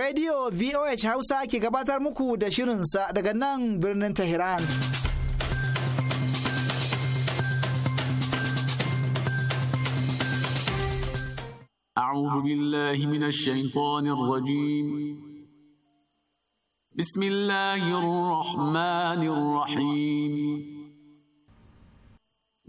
Radiyo VOH Hausa ki gabatar muku da shirin sa daga nan birnin Tehran. A'a wajen yi gudanar da shiga wani Ina buƙatar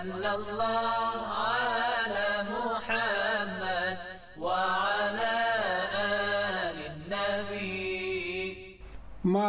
صلى الله عليه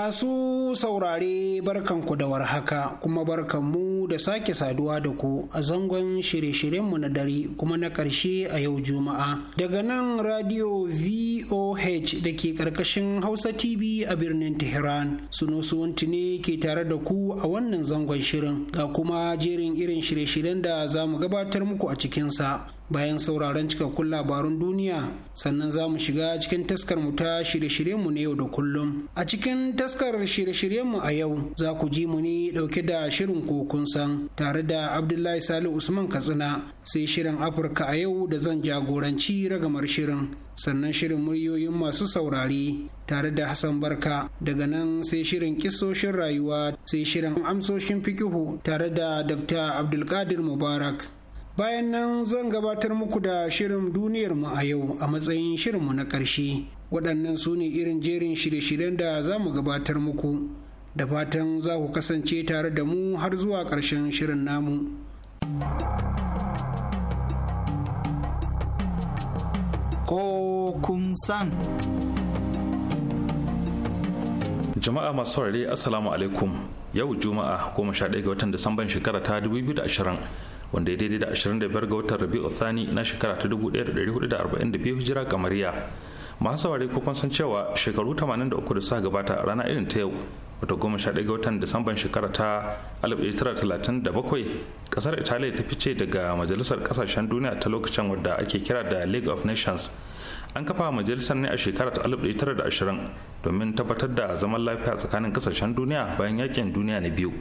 Masu saurare barkan ku da warhaka kuma barkanmu da sake saduwa da ku a zangon shirye-shiryenmu na dare kuma na ƙarshe a yau Juma'a. Daga nan radio VOH da ke ƙarƙashin Hausa TV a birnin Tehran. suwanti ne ke tare da ku a wannan zangon shirin ga kuma jerin irin shirye-shiryen da za mu gabatar muku a cikinsa. bayan sauraron cikakkun labarun duniya sannan za mu shiga cikin taskar mu ta shirye shiryen na yau da kullum a cikin taskar shirye mu a yau za ku ji mu ne dauke da shirin kokun san tare da abdullahi sali usman katsina sai shirin afirka a yau da zan jagoranci ragamar shirin sannan shirin muryoyin masu saurari tare da Hassan Barka daga nan sai shirin kisoshin rayuwa sai shirin amsoshin fikihu tare da Dr. Abdulkadir Mubarak bayan nan zan gabatar muku da shirin duniyarmu a yau a matsayin shirinmu na ƙarshe waɗannan su ne irin jerin shirye-shiryen da za mu gabatar muku da fatan za ku kasance tare da mu har zuwa ƙarshen shirin namu ko kun san jama'a masu saurare assalamu alaikum yau juma'a 11 ga watan disamban shekara ta 2020 wanda ya daidai da 25 ga watan rabi'u thani na shekara ta 1442 hijira kamariya masu saurari ko kun san cewa shekaru 83 da suka gabata a rana irin ta yau wata goma sha ga watan disamban shekara ta 1937 kasar italiya ta fice daga majalisar kasashen duniya ta lokacin wadda ake kira da league of nations an kafa majalisar ne a shekara ta 1920 domin tabbatar da zaman lafiya tsakanin kasashen duniya bayan yakin duniya na biyu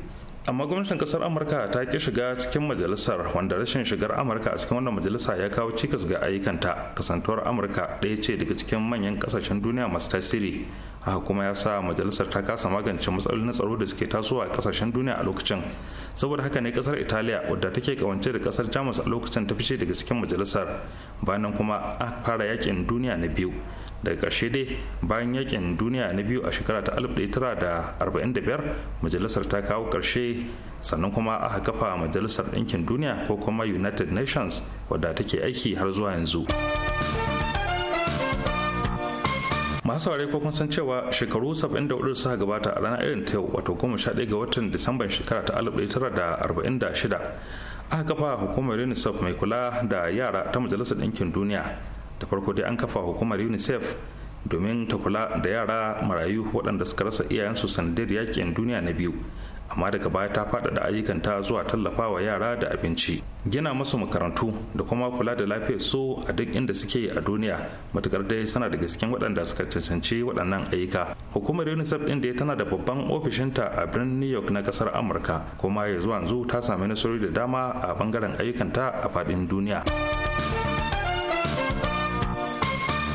amma gwamnatin kasar amurka ta ki shiga cikin majalisar wanda rashin shigar amurka a cikin wannan majalisa ya kawo cikas ga ayyukanta kasantuwar amurka ɗaya ce daga cikin manyan kasashen duniya masu tasiri haka kuma ya sa majalisar ta kasa magance matsalolin tsaro da suke tasowa a kasashen duniya a lokacin saboda haka ne kasar italiya wadda take kawance da kasar jamus a lokacin ta fice daga cikin majalisar bayan kuma aka fara yakin duniya na biyu daga ƙarshe dai bayan yakin duniya na biyu a shekara ta 1945 majalisar ta kawo ƙarshe sannan kuma aka kafa majalisar ɗinkin duniya ko kuma united nations wadda take aiki har zuwa yanzu masu ko kun san cewa shekaru 74 suka gabata a ranar irin ta yau wato 11 ga watan disamban shekara ta 1946 aka kafa hukumar unicef mai kula da yara ta majalisar ɗinkin duniya da farko dai an kafa hukumar unicef domin ta kula da yara marayu waɗanda suka rasa iyayensu sanadiyar yakin duniya na biyu amma daga baya ta faɗaɗa ayyukanta zuwa tallafawa yara da abinci gina musu makarantu da kuma kula da lafiyar su a duk inda suke a duniya matukar dai suna da gasken waɗanda suka cancanci waɗannan ayyuka hukumar unicef ɗin da tana da babban ofishinta a birnin new york na ƙasar amurka kuma ya zuwa ta sami nasarori da dama a ɓangaren ayyukanta a faɗin duniya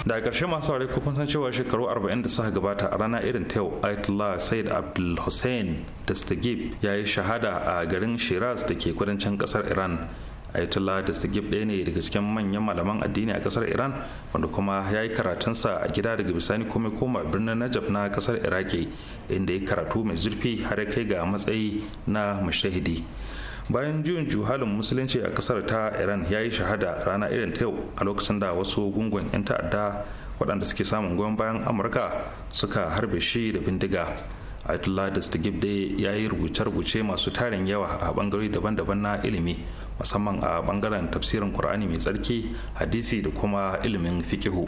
da ƙarshe masu aure kun san cewa shekaru 40 da suka gabata a rana irin ta yau Ayatollah Said Abdul Hussein Dastagib ya yi shahada a garin Shiraz da ke kudancin kasar Iran Ayatollah Dastagib ɗaya ne daga cikin manyan malaman addini a kasar Iran wanda kuma ya yi karatunsa a gida daga bisani kuma koma birnin Najaf na kasar Iraki inda ya karatu mai zurfi har ya kai ga matsayi na mashahidi. bayan juyin juhalin musulunci a kasar ta iran ya yi shahada rana irin ta yau a lokacin da wasu gungun 'yan ta'adda waɗanda suke samun goyon bayan amurka suka harbe shi da bindiga Ayatollah da dai ya yi rubuce-rubuce masu tarin yawa a bangarori daban-daban na ilimi musamman a bangaren tafsirin Kur'ani mai tsarki hadisi da kuma ilimin fikihu.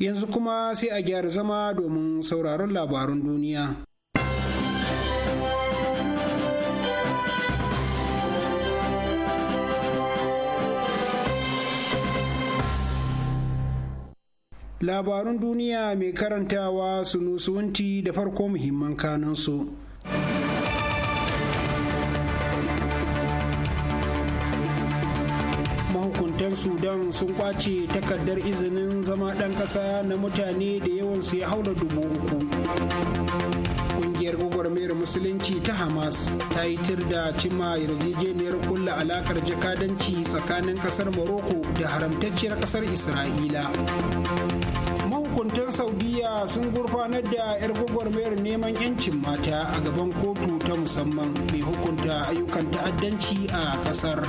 yanzu kuma sai a gyara zama domin sauraron labarun duniya labarun duniya mai karantawa su sunusuwanti da farko muhimman kanansu sudan sun kwace takardar izinin zama ɗan ƙasa na mutane da yawan su ya haura dubu uku kungiyar gwagwarmayar musulunci ta hamas ta yi tir da cima yarjejeniyar kulla alakar jakadanci tsakanin ƙasar morocco da haramtacciyar ƙasar isra'ila mahukuntan saudiya sun gurfanar da 'yar gwagwarmayar neman 'yancin mata a gaban kotu ta musamman mai hukunta ayyukan ta'addanci a ƙasar.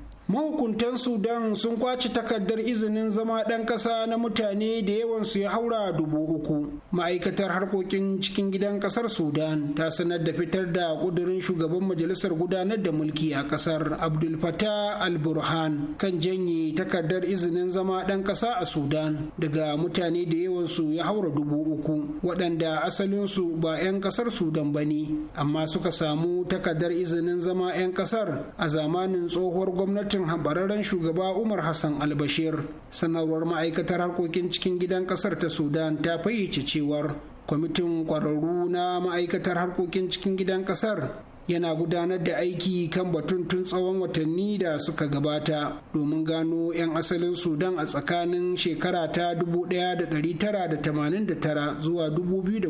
mahukuntan sudan sun kwaci takardar izinin zama ɗan ƙasa na mutane da yawansu ya haura dubu uku ma'aikatar harkokin cikin gidan ƙasar sudan ta sanar da fitar da ƙudurin shugaban majalisar gudanar da mulki a ƙasar abdul fatah al burhan kan janye takardar izinin zama ɗan ƙasa a sudan daga mutane da yawansu ya haura dubu uku waɗanda asalinsu ba 'yan ƙasar sudan ba ne amma suka samu takardar izinin zama 'yan ƙasar a zamanin tsohuwar gwamnatin gwamnatin habararren shugaba umar hassan albashir sanarwar ma'aikatar harkokin cikin gidan kasar ta sudan ta fayyace cewar kwamitin kwararru na ma'aikatar harkokin cikin gidan kasar yana gudanar da aiki kan batun tun tsawon watanni da suka gabata domin gano 'yan asalin sudan a tsakanin shekara ta 1989 zuwa 2019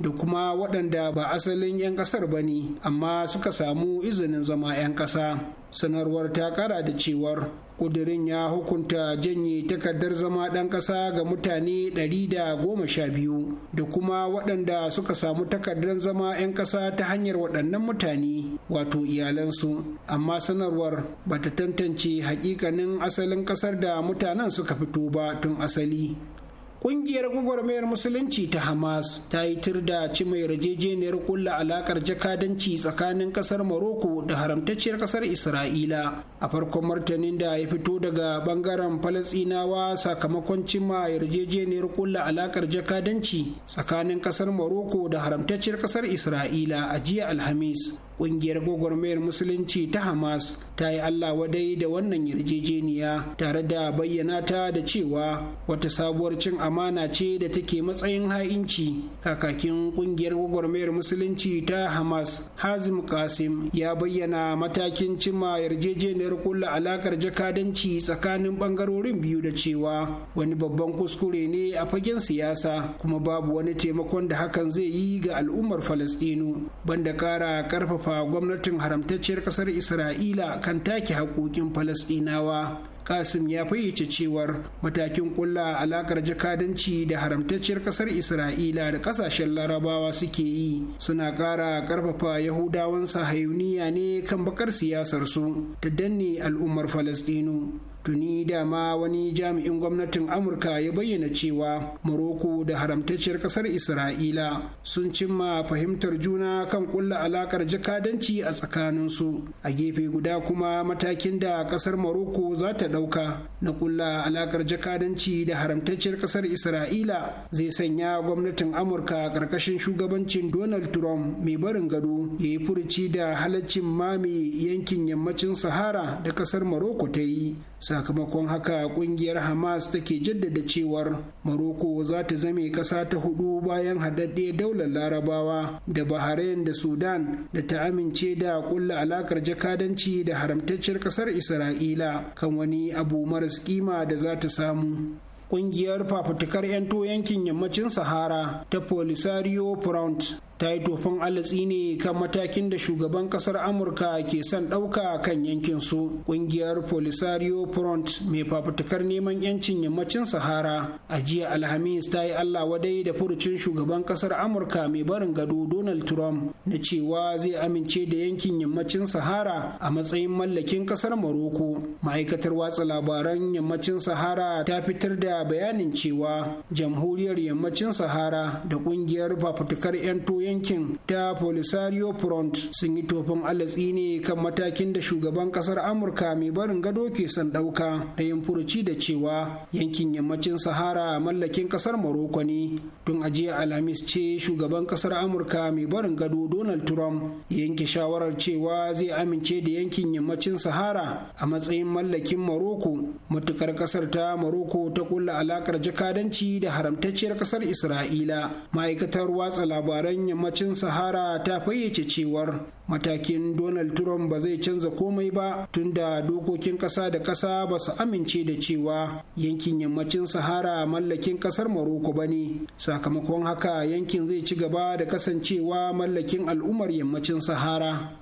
da kuma waɗanda ba asalin 'yan ƙasar ba ne amma suka samu izinin zama 'yan ƙasa sanarwar ta kara da cewar kudirin ya hukunta janye takardar zama ɗan ƙasa ga mutane 112 da kuma waɗanda suka samu takardar zama 'yan ƙasa ta hanyar waɗannan mutane wato iyalansu amma sanarwar bata tantance hakikanin asalin ƙasar da mutanen suka fito ba tun asali Ƙungiyar gwagwarmayar Musulunci ta Hamas ta yi tir da ci mai yarjejeniyar kulla alakar jakadanci tsakanin ƙasar Morocco da haramtacciyar ƙasar Isra'ila. A farkon martanin da ya fito daga ɓangaren Falasinawa, sakamakon cimma yarjejeniyar kulla alakar jakadanci tsakanin ƙasar Morocco da haramtacciyar ƙasar Isra'ila a jiya Alhamis. kungiyar gwagwarmayar musulunci ta hamas ta yi allah wadai da wannan yarjejeniya tare da bayyana ta da cewa wata sabuwar cin amana ce da take matsayin ha'inci kakakin kungiyar gwagwarmayar musulunci ta hamas hazim kasim ya bayyana matakin cimma yarjejeniyar kulla alakar jakadanci tsakanin bangarorin biyu da cewa wani babban kuskure ne a fagen siyasa kuma babu wani taimakon da hakan zai yi ga al'ummar falastinu banda kara karfafa karfafa gwamnatin haramtacciyar kasar isra'ila kan take haƙoƙin falasɗinawa kasim ya fayyace cewar matakin kulla alakar jakadanci da haramtacciyar kasar isra'ila da kasashen larabawa suke yi suna ƙara ƙarfafa yahudawan sahayuniya ne kan bakar siyasarsu da danne al'ummar falasɗinu tuni dama wani jami'in gwamnatin amurka ya bayyana cewa maroko da haramtacciyar kasar isra'ila sun cimma fahimtar juna kan kulla alakar jakadanci a tsakaninsu a gefe guda kuma matakin da kasar maroko za ta ɗauka na kulla alakar jakadanci da haramtacciyar kasar isra'ila zai sanya gwamnatin amurka ƙarƙashin shugabancin donald trump mai barin gado ya yi furuci da halaccin mame yankin yammacin sahara da kasar maroko ta yi sakamakon haka kungiyar hamas take jaddada cewar maroko za ta zame kasa ta hudu bayan haɗaɗɗe daular larabawa da bahrain da sudan da ta amince da kulla alakar jakadanci da haramtaccen ƙasar isra'ila kan wani abu maras kima da za ta samu Ƙungiyar fafutukar 'yan yankin yammacin Sahara ta Polisario Front ta yi tofin alatsi ne kan matakin da shugaban kasar amurka ke son ɗauka kan yankin su ƙungiyar polisario front mai fafutukar neman yancin yammacin sahara a jiya alhamis ta yi allah wadai da furucin shugaban kasar amurka mai barin gado donald trump na cewa zai amince da yankin yammacin sahara a matsayin mallakin kasar maroko ma'aikatar watsa labaran yammacin sahara ta fitar da bayanin cewa jamhuriyar yammacin sahara da ƙungiyar fafutukar 'yan yankin ta polisario front sun yi tofin alatsi ne kan matakin da shugaban kasar amurka mai barin gado ke son ɗauka da yin furuci da cewa yankin yammacin sahara mallakin kasar maroko ne tun ajiya alhamis ce shugaban kasar amurka mai barin gado donald trump yanke shawarar cewa zai amince da yankin yammacin sahara a matsayin mallakin maroko matukar kasar ta maroko ta kulla alakar jakadanci da haramtacciyar kasar isra'ila ma'aikatar watsa labaran yammacin sahara ta fayyace cewar matakin donald trump ba zai canza komai ba tunda dokokin ƙasa da ƙasa ba su amince da cewa yankin yammacin sahara mallakin ƙasar maroko ba ne sakamakon haka yankin zai ci gaba da kasancewa mallakin al'ummar yammacin sahara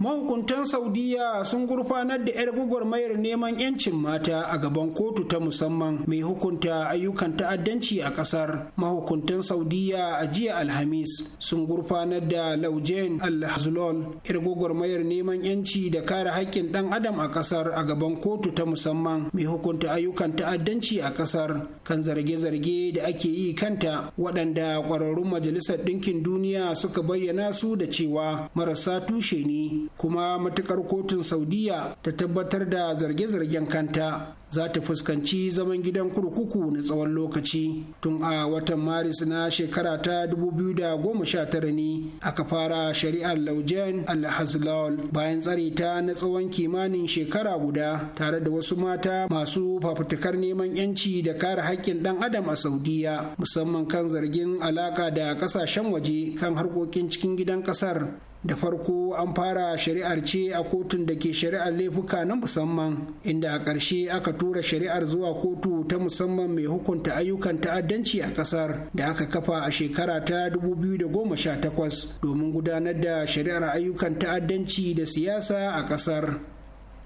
mahukuntan saudiya sun gurfanar da 'yar gwagwarmayar neman 'yancin mata a gaban kotu ta musamman mai hukunta ayyukan ta'addanci a kasar mahukuntan saudiya a jiya alhamis sun gurfanar da laujen al-hazlol 'yar gwagwarmayar neman 'yanci da kare haƙƙin ɗan adam a kasar a gaban kotu ta musamman mai hukunta ayyukan ta'addanci a kasar kan zarge-zarge da ake yi kanta waɗanda ƙwararrun majalisar ɗinkin duniya suka bayyana su da cewa marasa tushe ne kuma matukar kotun saudiya ta tabbatar da zarge-zargen kanta za ta fuskanci zaman gidan kurkuku na tsawon lokaci tun a watan maris na shekara ta 2019 ne aka fara shari'ar laujen alhazlal bayan tsare ta na tsawon kimanin shekara guda tare da wasu mata masu fafutukar neman yanci da kare haƙƙin ɗan adam a saudiya musamman kan zargin alaƙa da ƙasashen waje kan harkokin cikin gidan ƙasar da farko an fara shari'ar ce a kotun da ke shari'ar laifuka na musamman inda a ƙarshe aka tura shari'ar zuwa kotu ta musamman mai hukunta ayyukan ta'addanci a ƙasar da aka kafa a shekara ta 2018 domin gudanar da shari'ar ayyukan ta'addanci da siyasa a ƙasar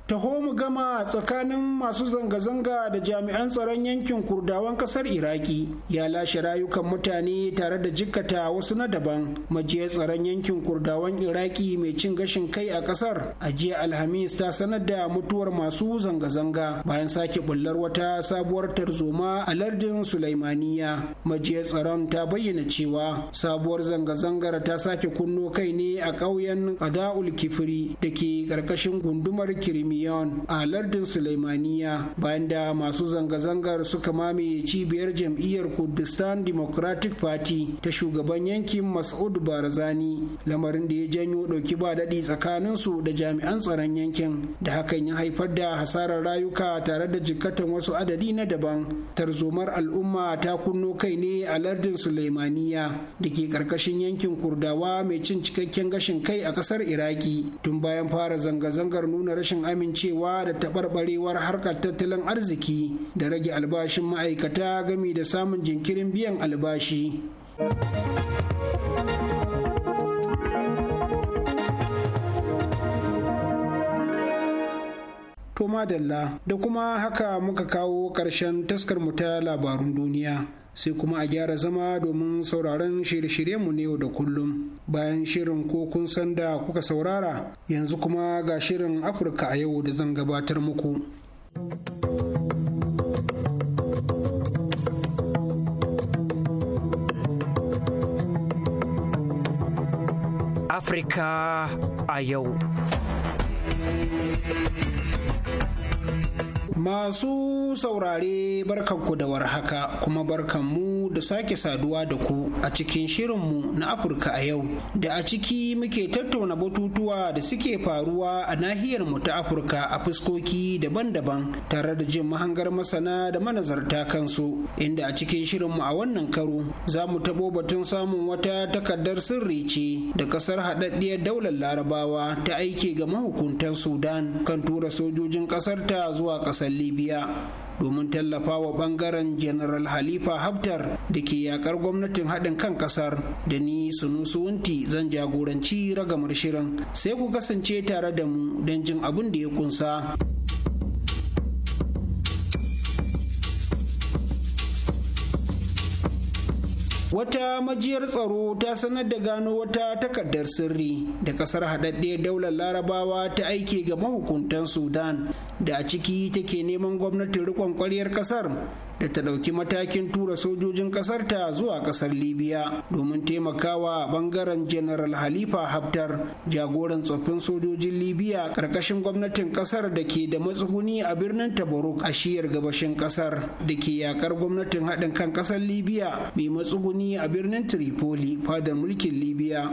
taho mu gama tsakanin masu zanga-zanga da jami'an tsaron yankin kurdawan kasar iraki ya lashe rayukan mutane tare da jikkata wasu na daban majiyar tsaron yankin kurdawan iraki mai cin gashin kai a kasar a jiya alhamis ta sanar da mutuwar masu zanga-zanga bayan sake bullar wata sabuwar tarzoma a lardin sulaimaniya majiyar tsaron ta bayyana cewa sabuwar zanga-zangar ta sake kunno kai ne a ƙauyen ada'ul kifiri da ke ƙarƙashin gundumar kirimi Sirmiyon a lardin Sulaimaniya bayan da masu zanga-zangar suka mamaye cibiyar jam'iyyar Kurdistan Democratic Party ta shugaban yankin Mas'ud Barzani lamarin da ya janyo ɗauki ba daɗi su da jami'an tsaron yankin da hakan ya haifar da hasarar rayuka tare da jikkatan wasu adadi na daban tarzomar al'umma ta kunno kai ne a lardin Sulaimaniya da ke ƙarƙashin yankin Kurdawa mai cin cikakken gashin kai a ƙasar Iraki tun bayan fara zanga-zangar nuna rashin amin amincewa da taɓarɓarewar harkar tattalin arziki da rage albashin ma'aikata gami da samun jinkirin biyan albashi. To da kuma haka muka kawo ƙarshen taskar mu ta labarun duniya. sai kuma a gyara zama domin sauraron shirye mu ne yau da kullum bayan shirin ko kun san da kuka saurara yanzu kuma ga shirin afirka a yau da zan gabatar muku afirka a yau Masu saurare barkanku da warhaka kuma barkanmu da sake saduwa da ku a cikin shirinmu na Afirka a yau da a ciki muke tattauna batutuwa da suke faruwa a nahiyar mu ta Afirka a fuskoki daban-daban tare da jin mahangar masana da manazarta kansu inda a cikin shirinmu a wannan karo za mu tabo batun samun wata takardar sirri ce da kasar haɗaɗɗiyar daular larabawa ta aiki ga mahukuntan Sudan kan tura sojojin ƙasarta zuwa ƙasar kasar libya domin tallafa wa bangaren general halifa haftar da ke yakar gwamnatin haɗin kan ƙasar da ni sunusu wunti zan jagoranci ragamar shirin sai ku kasance tare da mu don jin abin da ya kunsa. wata majiyar tsaro ta sanar da gano wata takardar sirri da kasar haɗaɗɗe daular larabawa ta aiki ga mahukuntan sudan da a ciki take neman gwamnatin riƙon ƙwaryar ƙasar. da ta ɗauki matakin tura sojojin ƙasarta zuwa ƙasar libya domin taimakawa bangaren general halifa haftar jagoran tsoffin sojojin libya ƙarƙashin gwamnatin ƙasar da ke da matsuguni a birnin tabaruk a shiyar gabashin ƙasar da ke yakar gwamnatin haɗin kan ƙasar libya mai matsuguni a birnin tripoli fadar mulkin libya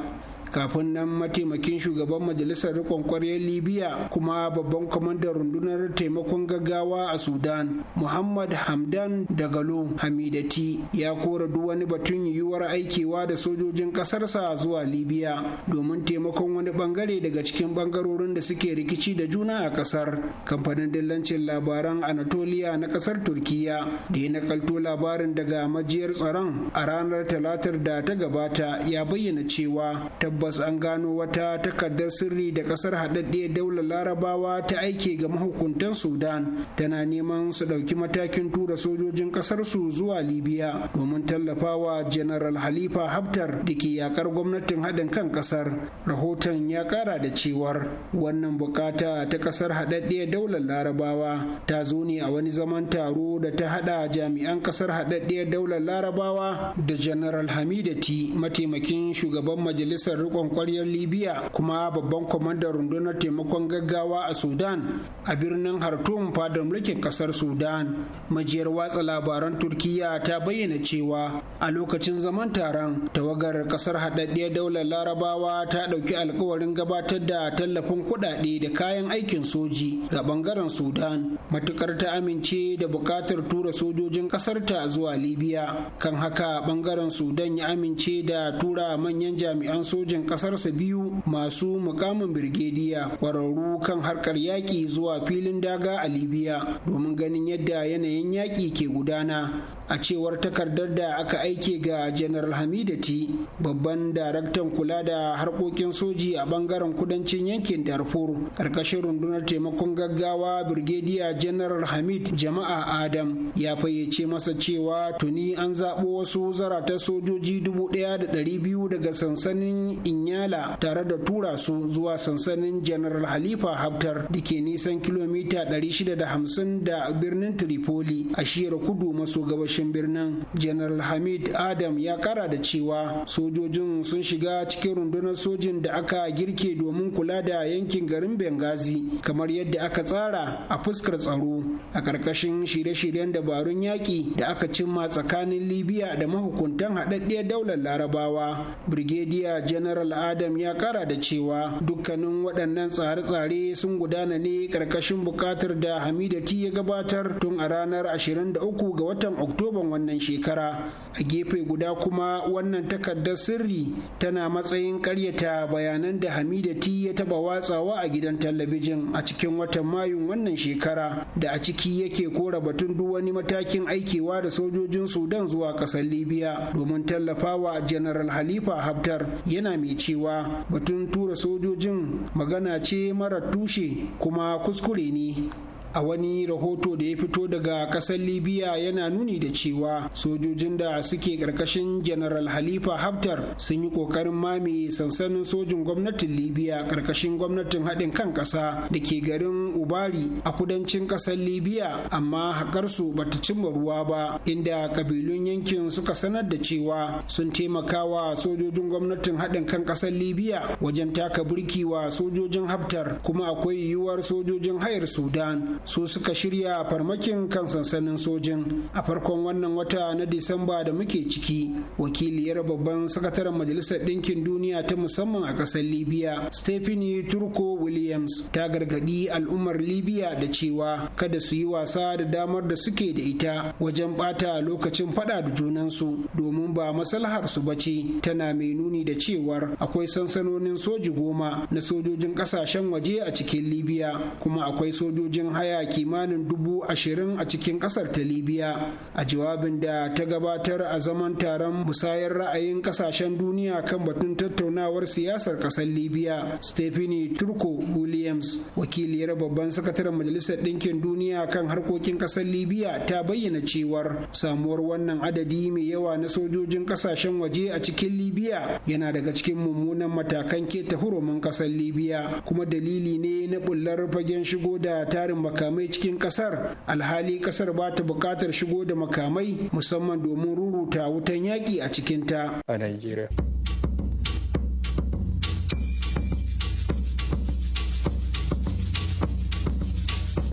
kafin nan mataimakin shugaban majalisar rikon kwaryar libya kuma babban kwamandan rundunar taimakon gaggawa a sudan muhammad hamdan dagalo hamidati ya kora duk wani batun yiwuwar aikewa da sojojin ƙasarsa zuwa libya domin taimakon wani bangare daga cikin bangarorin da suke rikici da juna a ƙasar. kamfanin dillancin labaran anatolia na ƙasar turkiya da ya nakalto labarin daga majiyar tsaron a ranar talatar da ta gabata ya bayyana cewa tabbas tabbas an gano wata takardar sirri da kasar haɗaɗɗiyar daular larabawa ta aike ga mahukuntan sudan tana neman su ɗauki matakin tura sojojin ƙasarsu zuwa libya domin tallafawa general halifa haftar da ke yakar gwamnatin haɗin kan ƙasar rahoton ya ƙara da cewar wannan bukata ta ƙasar haɗaɗɗiyar daular larabawa ta zo ne a wani zaman taro da ta haɗa jami'an ƙasar haɗaɗɗiyar daular larabawa da general hamidati mataimakin shugaban majalisar rikon ƙwaryar libya kuma babban kwamandan rundunar taimakon gaggawa a sudan a birnin hartum fadar mulkin ƙasar sudan majiyar watsa labaran turkiya ta bayyana cewa a lokacin zaman taron tawagar kasar haɗaɗɗiyar daular larabawa ta ɗauki alkawarin gabatar da tallafin kuɗaɗe da kayan aikin soji ga ɓangaren sudan matukar ta amince da buƙatar tura sojojin ƙasarta zuwa libya kan haka ɓangaren sudan ya amince da tura manyan jami'an sojin sojan ƙasarsa biyu masu mukamin birgediya kwararru kan harkar yaƙi zuwa filin daga a libya domin ganin yadda yanayin yaƙi ke gudana a cewar takardar da aka aike ga general hamidati babban daraktan kula da harkokin soji a bangaren kudancin yankin darfur karkashin rundunar taimakon gaggawa birgediya general hamid jama'a adam ya fayyace masa cewa tuni an zaɓo wasu zarata sojoji dubu ɗaya da ɗari biyu daga sansanin inyala tare da tura su zuwa sansanin general halifa haftar da ke nisan kilomita 650 da birnin tripoli a shiyar kudu maso gabashin cikin birnin general hamid adam ya kara da cewa sojojin sun shiga cikin rundunar sojin da aka girke domin kula da yankin garin bengazi kamar yadda aka tsara a fuskar tsaro a karkashin shirye-shiryen dabarun yaƙi da aka cimma tsakanin libya da mahukuntan haɗaɗɗiyar daular larabawa brigadier general adam ya kara da cewa dukkanin waɗannan tsare-tsare sun gudana ne karkashin buƙatar da hamidati ya gabatar tun a ranar 23 ga watan oktoba oktoban wannan shekara a gefe guda kuma wannan takardar sirri tana matsayin karyata bayanan da hamida t ya taba watsawa a gidan talabijin a cikin watan mayun wannan shekara da a ciki yake kora batun duk wani matakin aikewa da sojojin sudan zuwa kasar libya domin tallafawa general halifa haftar yana mai cewa batun tura sojojin magana ce mara tushe kuma kuskure ne a wani rahoto da ya fito daga kasar libya yana nuni da cewa sojojin da suke karkashin general halifa haftar sun yi kokarin mame sansanin sojin gwamnatin libya karkashin gwamnatin haɗin kan ƙasa da ke garin ubari a kudancin ƙasar libya amma haƙarsu ba ta cimma ruwa ba inda ƙabilun yankin suka sanar da cewa sun taimakawa sojojin gwamnatin haɗin kan ƙasar libya wajen taka birki wa sojojin haftar kuma akwai yiwuwar sojojin hayar sudan su suka shirya farmakin kan sansanin sojin a farkon wannan wata na disamba da muke ciki wakiliyar babban sakataren majalisar ɗinkin duniya ta musamman a ƙasar libya stephanie turko williams ta gargaɗi al'ummar libya da cewa kada su yi wasa da damar da suke da ita wajen ɓata lokacin faɗa da junansu domin ba maslahar su ce tana mai nuni da cewar akwai sansanonin soji goma na sojojin ƙasashen waje a cikin libya kuma akwai sojojin haya mayaya kimanin dubu ashirin a cikin kasar ta libya a jawabin da ta gabatar a zaman taron musayar ra'ayin kasashen duniya kan batun tattaunawar siyasar kasar libya stephanie turko williams wakiliyar babban sakataren majalisar ɗinkin duniya kan harkokin kasar libya ta bayyana cewar samuwar wannan adadi mai yawa na sojojin kasashen waje a cikin libya yana daga cikin mummunan matakan keta hurumin kasar libya kuma dalili ne na bullar fagen shigo da tarin makamai cikin kasar alhali kasar ba ta buƙatar shigo da makamai musamman domin ruruta wutan yaƙi a cikinta a Najeriya.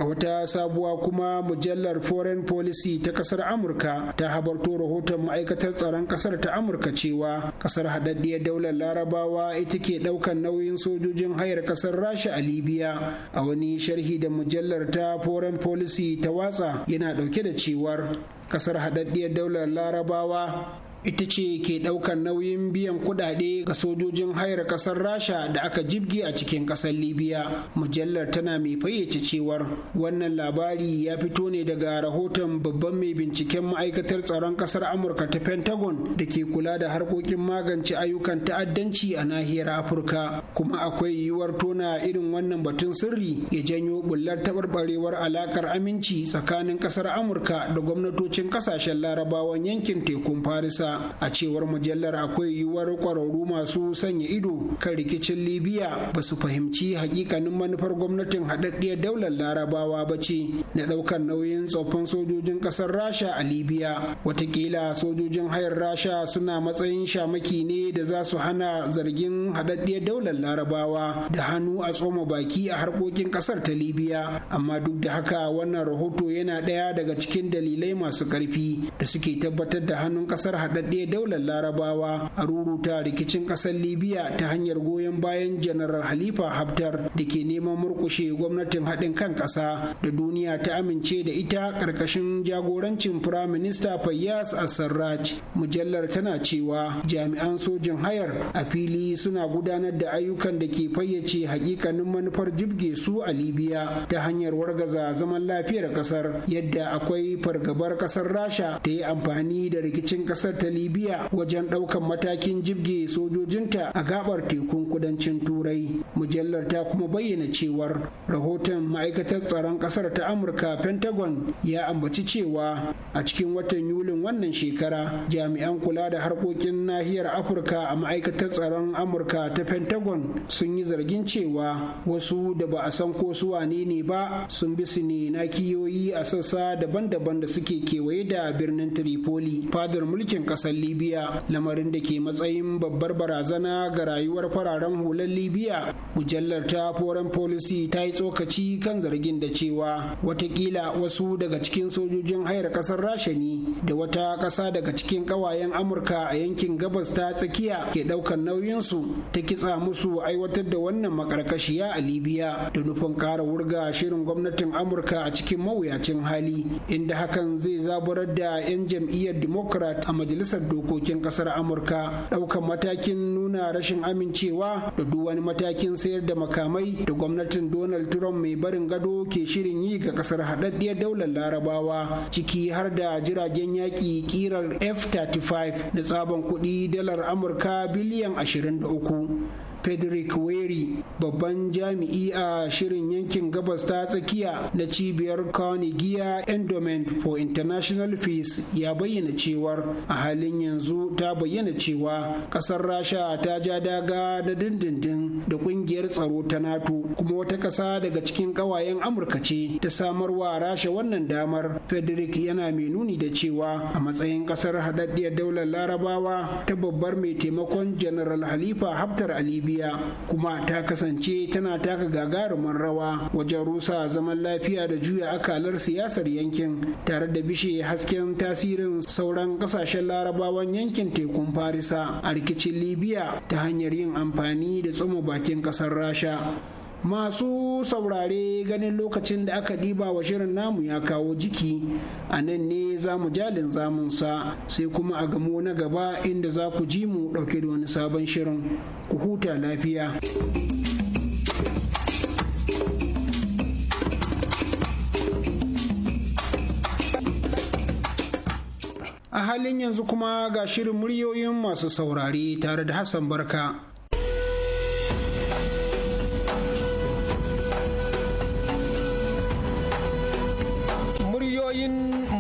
a wata sabuwa kuma mujallar foreign policy ta kasar amurka ta habarto rahoton ma'aikatar tsaron kasar ta amurka cewa kasar haɗaɗɗiyar daular larabawa ita ke ɗaukan nauyin sojojin hayar kasar rasha a libya a wani sharhi da mujallar ta foreign policy ta watsa yana ɗauke da cewar kasar haɗaɗɗiyar daular larabawa ita ce ke ɗaukar nauyin biyan kuɗaɗe ga sojojin hayar ƙasar rasha da aka jibge a cikin ƙasar libya mujallar tana mai fayyace cewar wannan labari ya fito ne daga rahoton babban mai binciken ma'aikatar tsaron ƙasar amurka ta pentagon da ke kula da harkokin magance ayyukan ta'addanci a nahiyar afirka kuma akwai yiwuwar tona irin wannan batun sirri ya janyo bullar taɓarɓarewar alakar aminci tsakanin ƙasar amurka da gwamnatocin ƙasashen larabawan yankin tekun farisa a cewar mujallar akwai yiwuwar kwararru masu sanya ido kan rikicin libya ba su fahimci hakikanin manufar gwamnatin haɗaɗɗiyar daular larabawa ba ce na ɗaukar nauyin tsoffin sojojin ƙasar rasha a libya watakila sojojin hayar rasha suna matsayin shamaki ne da za su hana zargin haɗaɗɗiyar daular larabawa da hannu a tsoma baki a harkokin ƙasar ta libya amma duk da haka wannan rahoto yana ɗaya daga cikin dalilai masu ƙarfi da suke tabbatar da hannun ƙasar haɗaɗɗiyar haɗaɗɗe daular larabawa a ruruta rikicin ƙasar libya ta hanyar goyon bayan janaral halifa haftar da ke neman murkushe gwamnatin haɗin kan ƙasa da duniya ta amince da ita ƙarƙashin jagorancin firaminista fayyas assarraj mujallar tana cewa jami'an sojin hayar a fili suna gudanar da ayyukan da ke fayyace hakikanin manufar jibge su a libya ta hanyar wargaza zaman lafiyar ƙasar yadda akwai fargabar ƙasar rasha ta yi amfani da rikicin ƙasar ta ta libya wajen ɗaukan matakin jibge sojojinta a gabar tekun kudancin turai mujallar ta kuma bayyana cewar rahoton ma'aikatar tsaron ƙasar ta amurka pentagon ya ambaci cewa a cikin watan yulin wannan shekara jami'an kula da harkokin nahiyar afirka a ma'aikatar tsaron amurka ta pentagon sun yi zargin cewa wasu da ba a san ko su wane ne ba sun bi su ne na kiyoyi a sassa daban-daban da suke kewaye da birnin tripoli fadar mulkin ƙasar kasar libya lamarin da ke matsayin babbar barazana ga rayuwar fararen hular libya mujallar ta foreign policy ta yi tsokaci kan zargin da cewa watakila wasu daga cikin sojojin hayar kasar rasha ne da wata ƙasa daga cikin ƙawayen amurka a yankin gabas ta tsakiya ke ɗaukar nauyinsu ta kitsa musu aiwatar da wannan makarkashiya a libya da nufin ƙara wurga shirin gwamnatin amurka a cikin mawuyacin hali inda hakan zai zaburar da 'yan jam'iyyar democrat a majalisar majalisar dokokin kasar amurka ɗaukan matakin nuna rashin amincewa da duk wani matakin sayar da makamai da gwamnatin donald trump mai barin gado ke shirin yi ga kasar haɗaɗɗiyar daular larabawa ciki har da jiragen yaƙi ƙirar f-35 da tsaban kuɗi dalar amurka biliyan 23 Frederick Weri babban jami'i a shirin yankin gabas ta tsakiya na cibiyar Carnegie Endowment for International Peace ya bayyana cewar a halin yanzu ta bayyana cewa kasar Rasha ta ja daga da dindindin da kungiyar tsaro ta NATO kuma wata kasa daga cikin kawayen Amurka ce ta samarwa Rasha wannan damar Frederick yana mai nuni da cewa a matsayin kasar haɗaɗɗiyar daular Larabawa ta babbar mai taimakon General Halifa Haftar Ali lafiya kuma ta kasance tana taka gagarumin rawa wajen rusa zaman lafiya da juya akalar siyasar yankin tare da bishe hasken tasirin sauran kasashen larabawan yankin tekun farisa a rikicin libya ta hanyar yin amfani da tsoma bakin kasar rasha Masu saurare ganin lokacin da aka ɗiba wa shirin namu ya kawo jiki, a nan ne za mu jalin zamunsa sai kuma a gamo na gaba inda za ku ji mu ɗauke da wani sabon shirin. Ku huta lafiya. A halin yanzu kuma ga shirin muryoyin masu saurare tare da Hassan Barka.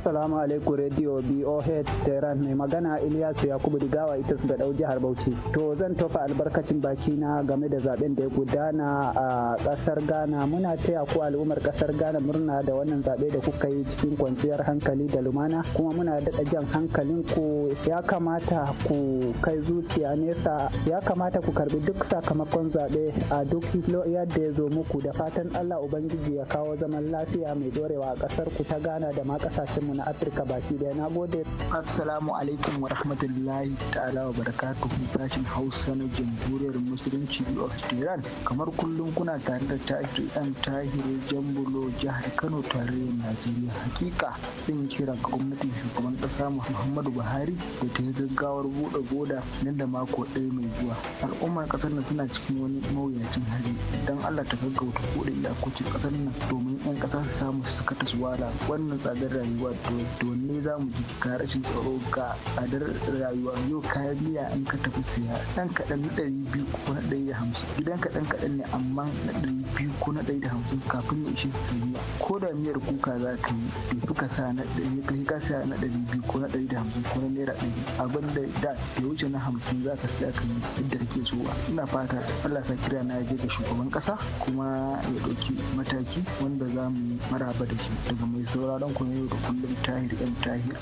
Assalamu alaikum Radio BOH Tehran mai magana Ilyasu Yakubu Digawa ita su ɗau jihar Bauchi. To zan tofa albarkacin baki na game da zaben da ya gudana a ƙasar Ghana. Muna taya ku al'ummar ƙasar Ghana murna da wannan zaɓe da kuka yi cikin kwanciyar hankali da lumana kuma muna daɗa jan hankalin ku ya kamata ku kai zuciya nesa ya kamata ku karbi duk sakamakon zaɓe a duk yadda ya zo muku da fatan Allah Ubangiji ya kawo zaman lafiya mai dorewa a ƙasar ku ta Ghana da ma ƙasashen mu na afirka baki daya na gode assalamu alaikum wa rahmatullahi ta'ala wa barakatuhu sashen hausa na jamhuriyar musulunci of iran kamar kullum kuna tare da taki dan tahir jambulo jihar kano tarayyar najeriya hakika zan kira ga gwamnatin shugaban ƙasa muhammadu buhari da ta yi gaggawar buɗe goda nan da mako ɗaya mai zuwa al'ummar kasar nan suna cikin wani mawuyacin hali don allah ta gaggauta buɗe iyakokin kasar nan domin 'yan kasa samu suka ta suwala wannan tsadar rayuwa to ne za mu ji ka rashin tsaro ga tsadar rayuwa yau kayan miya in ka tafi siya dan kaɗan na ɗari biyu ko na ɗari da hamsin gidan kaɗan kaɗan ne amma na ɗari biyu ko na ɗari da hamsin kafin ya ishe ka biya ko da miyar kuka za ka yi to fi ka sa na ɗari ka ka siya na ɗari biyu ko na ɗari da hamsin ko na naira ɗari abin da da ya wuce na hamsin za ka siya ka yi yadda kake so ina fata Allah sa kira na je ga shugaban ƙasa kuma ya ɗauki mataki wanda za mu maraba da shi daga mai sauraron ku yau da kullum tahir yan tahir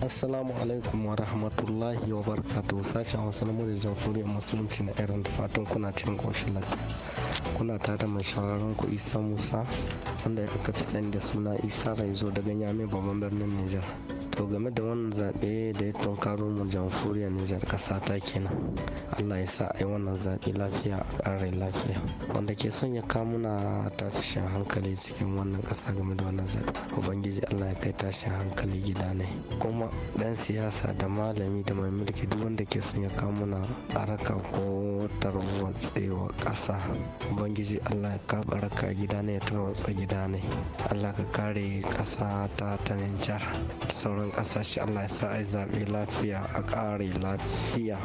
Assalamu alaikum wa rahmatullahi wa barkatau sashen Hausa na furi a musulunci na irin da fatan kuna cikin koshin lafiya. Kuna tare mai shawararren ku Isa Musa wanda ya fi sani da suna Isa Raizo daga yami babban birnin Nijar. to game da wannan zaɓe da ya tunkaro mu jamhuriyar nijar ƙasa ta kenan allah ya sa a yi wannan zaɓe lafiya a ƙarin lafiya wanda ke son ya kawo muna tashin hankali cikin wannan ƙasa game da wannan zaɓe ubangiji allah ya kai tashin hankali gida ne kuma ɗan siyasa da malami da mai mulki duk wanda ke son ya kawo muna araka ko tarwatsewa ƙasa ubangiji allah ya kawo araka gida ne ya tarwatsa gida ne allah ka kare ƙasa ta ta sauran kasashe allah ya sa a zaɓe lafiya a ƙare lafiya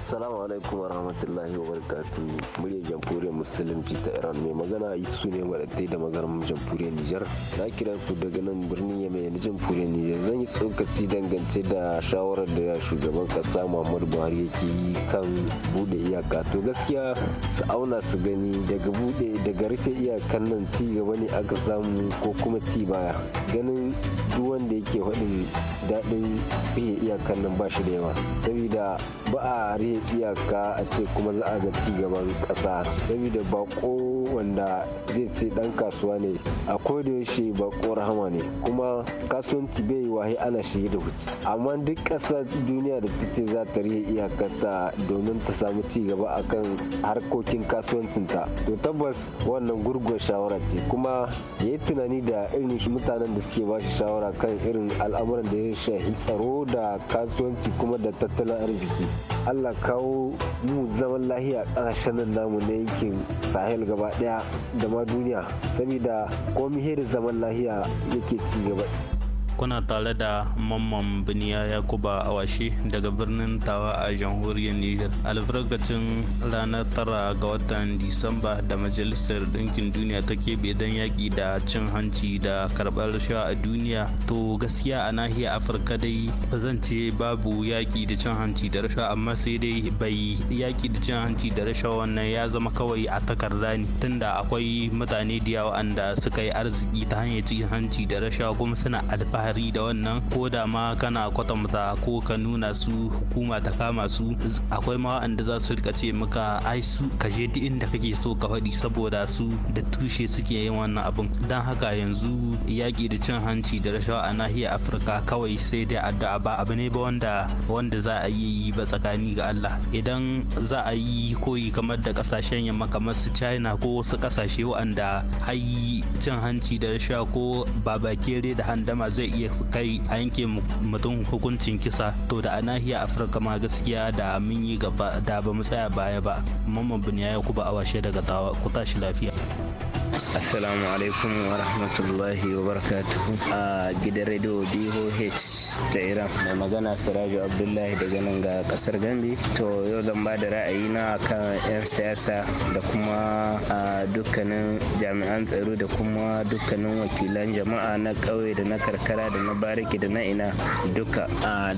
Salamu alaikum wa rahmatullahi wa barakatu muryar jamhuriyar musulunci ta Iran mai magana su ne wadatai da magarin jamhuriyar Nijar. Na kira ku daga nan birnin Yamai na jamhuriyar Nijar zan yi tsokaci dangance da shawarar da shugaban kasa Muhammadu Buhari yake yi kan bude iyaka. To gaskiya su auna su gani daga bude daga rufe iyakan nan ci gaba ne aka samu ko kuma ci baya. Ganin duk wanda yake faɗin daɗin rufe iyakan nan ba shi da yawa. saboda ba a iyaka a ce kuma za a ga ci gaban kasa saboda bako wanda zai ce dan kasuwa ne a yaushe bako rahama ne kuma kasuwanci bai wahi ana shi da wuce amma duk ƙasa duniya da take za ta rihe iyakarta domin ta samu ci gaba akan harkokin kasuwancinta to tabbas wannan gurgur shawara ce kuma ya tunani da irin mutanen da suke ba shawara kan irin al'amuran da ya shahi tsaro da kasuwanci kuma da tattalin arziki allah kawo mu zaman lahiya ƙasashen nan namu na yankin sahel gaba ɗaya da ma duniya saboda komi da zaman lahiya yake ci gaba kuna tare da mamman biniya yakuba awashi daga birnin tawa a jamhuriyar niger albarkacin ranar tara ga watan disamba da majalisar ɗinkin duniya ta keɓe don yaƙi da cin hanci da karɓar sha a duniya to gaskiya a nahiyar afirka dai ba zan ce babu yaƙi da cin hanci da rashawa amma sai dai bai yaƙi da cin hanci da rashawa wannan ya zama kawai a takarda ne tunda akwai mutane da yawa wanda suka yi arziki ta hanyar cin hanci da rashawa kuma suna alfahari hari da wannan ko da ma kana kwatanta ko ka nuna su hukuma ta kama su akwai ma waɗanda za su rika ce maka ai su ka je duk inda kake so ka faɗi saboda su da tushe suke yin wannan abin don haka yanzu yaƙi da cin hanci da rashawa a nahiyar afirka kawai sai dai addu'a ba abu ne ba wanda wanda za a yi ba tsakani ga allah idan za a yi koyi kamar da kasashen yamma kamar su china ko wasu kasashe waɗanda hayi cin hanci da rashawa ko babakere da handama zai iya iya kai a yanke mutum hukuncin kisa to da a nahiyar afirka ma gaskiya da mun yi gaba da ba mu tsaya baya ba mamman bin ya kuba awashe daga tawa ku tashi lafiya Assalamu alaikum wa rahmatullahi wa barakatuhu a gidan radio doh ta Iran mai magana Siraju Abdullahi daga nan ga kasar Gambi. To yau zan ba da ra'ayi na kan 'yan siyasa da kuma dukkanin jami'an tsaro da kuma dukkanin wakilan jama'a na ƙauye da na karkara da mabariki da na ina duka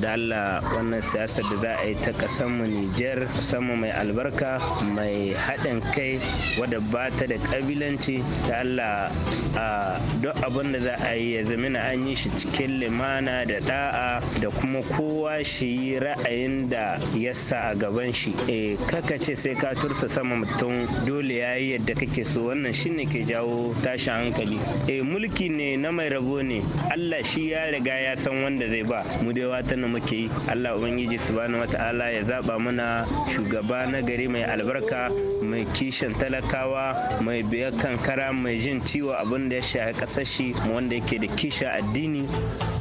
da Allah wannan siyasar da za a yi ta mu Nijar mu mai albarka mai haɗin kai wadda ba ta da ƙabilanci da Allah duk abin da za a yi ya na an yi shi cikin limana da da'a da kuma kowa shi yi ra'ayin da ya sa a gaban shi e kaka ce sai ka tursa sama mutum dole ya yi yadda kake so wannan shine ke jawo tashin hankali e mulki ne na mai rabo ne Allah shi shi ya riga ya san wanda zai ba mu dai wata na muke yi Allah ubangiji subhanahu wataala ya zaba mana shugaba na gari mai albarka mai kishin talakawa mai biyar kankara mai jin ciwo abin da ya shafi kasar shi wanda yake da kisha addini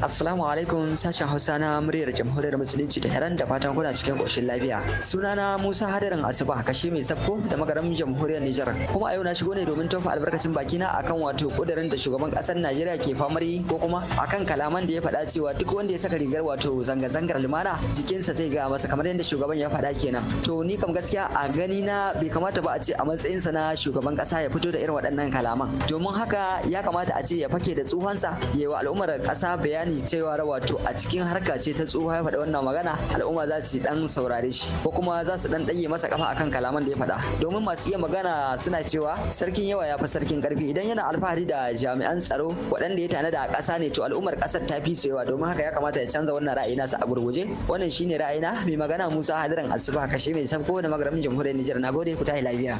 assalamu alaikum sashen hausa na muryar jamhuriyar musulunci da heran da fatan kuna cikin koshin lafiya sunana musa hadarin asuba kashi mai sabko da magaram jamhuriyar nijar kuma a yau na shigo ne domin tofa albarkacin bakina akan wato kudirin da shugaban kasar najeriya ke famari ko kuma akan kan kalaman da ya faɗa cewa duk wanda ya saka rigar wato zanga-zangar lumana jikinsa zai gaya masa kamar yadda shugaban ya faɗa kenan to ni kam gaskiya a gani na bai kamata ba a ce a matsayinsa na shugaban ƙasa ya fito da irin waɗannan kalaman domin haka ya kamata a ce ya fake da sa ya wa al'ummar ƙasa bayani cewa wato a cikin harka ce ta tsufa ya faɗa wannan magana al'umma za su dan saurare shi ko kuma za su dan ɗage masa kafa akan kalaman da ya faɗa domin masu iya magana suna cewa sarkin yawa ya fi sarkin ƙarfi idan yana alfahari da jami'an tsaro waɗanda ya tanada a ƙasa ne to al'umma al'ummar kasar ta fi yawa domin haka ya kamata ya canza wannan ra'ayi nasa a gurguje wannan shine ra'ayina mai magana Musa Hadiran Asuba kashe mai san kowane magaramin jamhuriyar Nijar nagode ku tahi lafiya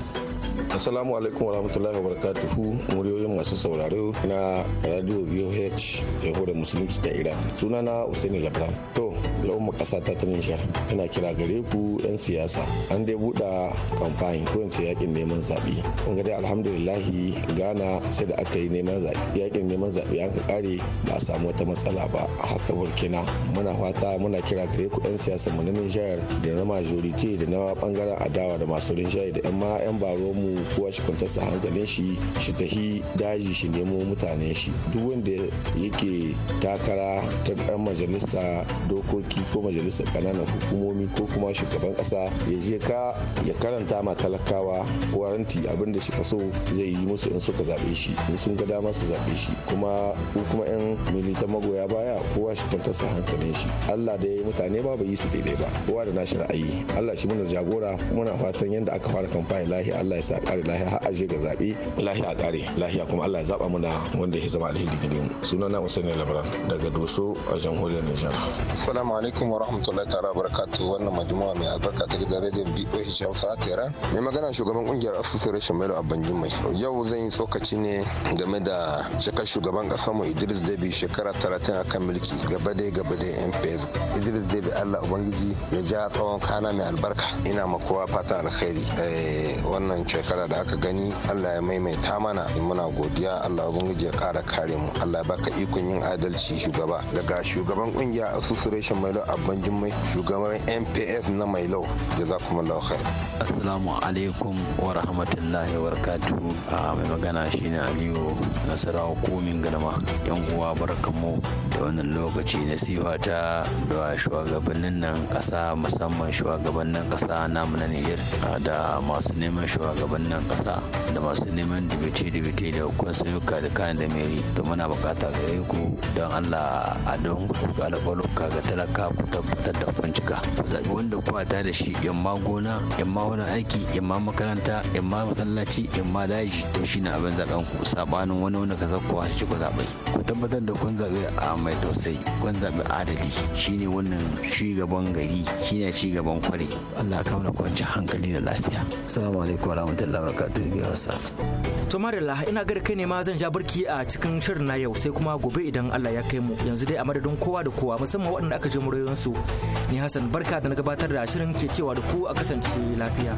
Assalamu alaikum wa rahmatullahi wa barakatuhu muryoyin masu sauraro na radio VOH jamhuriyar musulunci ta Iran. Sunana Usaini Labran. To, lauma kasa ta ta Nijar Ina kira gare ku 'yan siyasa. An dai buɗa kamfani ko yace yakin neman zaɓe. Kun ga dai alhamdulillahi Ghana sai da aka yi neman zaɓe. Yakin neman zaɓe an ka kare ba a samu wata matsala ba. Haka Burkina muna fata muna kira gare ku 'yan siyasa mu na Nijar da na majority da na bangaren adawa da masu rinjaye da 'yan ma 'yan baro mu kowa shi kwantarsa hankalin shi shi tahi daji shi nemo mutane shi duk wanda yake takara ta ɗan majalisa dokoki ko majalisa kananan hukumomi ko kuma shugaban kasa ya je ka ya karanta ma talakawa waranti abin da shi kaso zai yi musu in suka zaɓe shi in sun ga dama su zaɓe shi kuma ko kuma yan milita magoya baya kowa shi kwantarsa hankalin shi Allah da ya yi mutane ba bai yi su daidai ba kowa da nashi ra'ayi Allah shi muna jagora muna fatan yadda aka fara kamfani lahi Allah ya sai a kare lahiya har aje ga zabe lahiya a kare lahiya kuma Allah ya zaba muna wanda ya zama alheri gare mu sunana Usaini Labaran daga Doso a jamhuriyar Nijar Assalamu alaikum wa rahmatullahi ta'ala barakatuh wannan majmu'a mai albarka ta gidan rediyon BOH Hausa kera. mai magana shugaban kungiyar Association Melo Abanjin mai yau zan yi tsokaci ne game da shekar shugaban kasar mu Idris dabi shekara 30 akan mulki gaba dai gaba dai MPS Idris Deby Allah ubangiji ya ja tsawon kana mai albarka ina makowa fata alkhairi eh, wannan ce shekara da aka gani allah ya maimaita mana muna godiya allah ubangiji ya kara kare mu allah ya baka ikon yin adalci shugaba daga shugaban kungiya association mailo abban jummai shugaban mpf na mailo kuma khair assalamu alaikum wa rahmatullahi wa barakatuhu a mai magana shine aliyu nasarawa komin galma yan uwa barkamu da wannan lokaci na siwa ta da shugabannin nan kasa musamman shugabannin kasa namu na niger da masu neman shugaban shugabannin ƙasa da masu neman dibice-dibice da hukumar sayuka da kayan da meri to muna bukata gare ku don allah a don ga alƙwaluka ga talaka ku tabbatar da kun cika ku zaɓi wanda ku ta da shi yamma gona yamma wani aiki yamma makaranta yamma masallaci yamma daji to shi na abin zaɓen ku sabanin wani wani ka zakkowa shi ku zaɓe ku tabbatar da kun zaɓe a mai tausayi kun zaɓe adali shine wannan shugaban gari shine shugaban kware allah ka mana kwanci hankali da lafiya assalamu alaikum warahmatullahi wasa. to marilla ina ga kai ne ma zan ja barki a cikin shirin na yau sai kuma gobe idan Allah ya kai mu yanzu dai a madadin kowa da kowa musamman waɗanda aka je murayoyin su ni Hassan barka da na gabatar da shirin ke cewa da ku a kasance lafiya.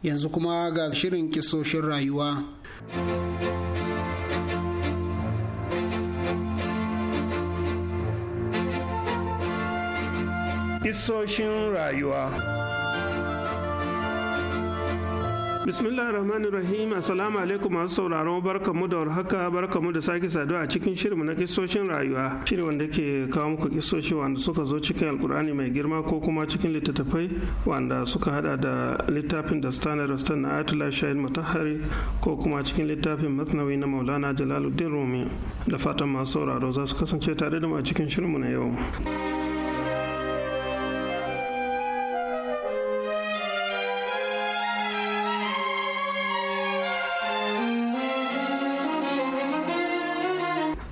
yanzu kuma ga shirin kisoshin rayuwa. kisoshin rayuwa. bismillah rahmanir rahim assalamu alaikum masu sauraron barka mu da warhaka barka mu da sake saduwa a cikin shirin na kisoshin rayuwa shirin wanda ke kawo muku kisoshi wanda suka zo cikin alkur'ani mai girma ko kuma cikin littattafai wanda suka hada da littafin da stanar rastan na atula shahid mutahari ko kuma cikin littafin masnawi na maulana jalaluddin rumi da fatan masu sauraro za su kasance tare da mu a cikin shirinmu na yau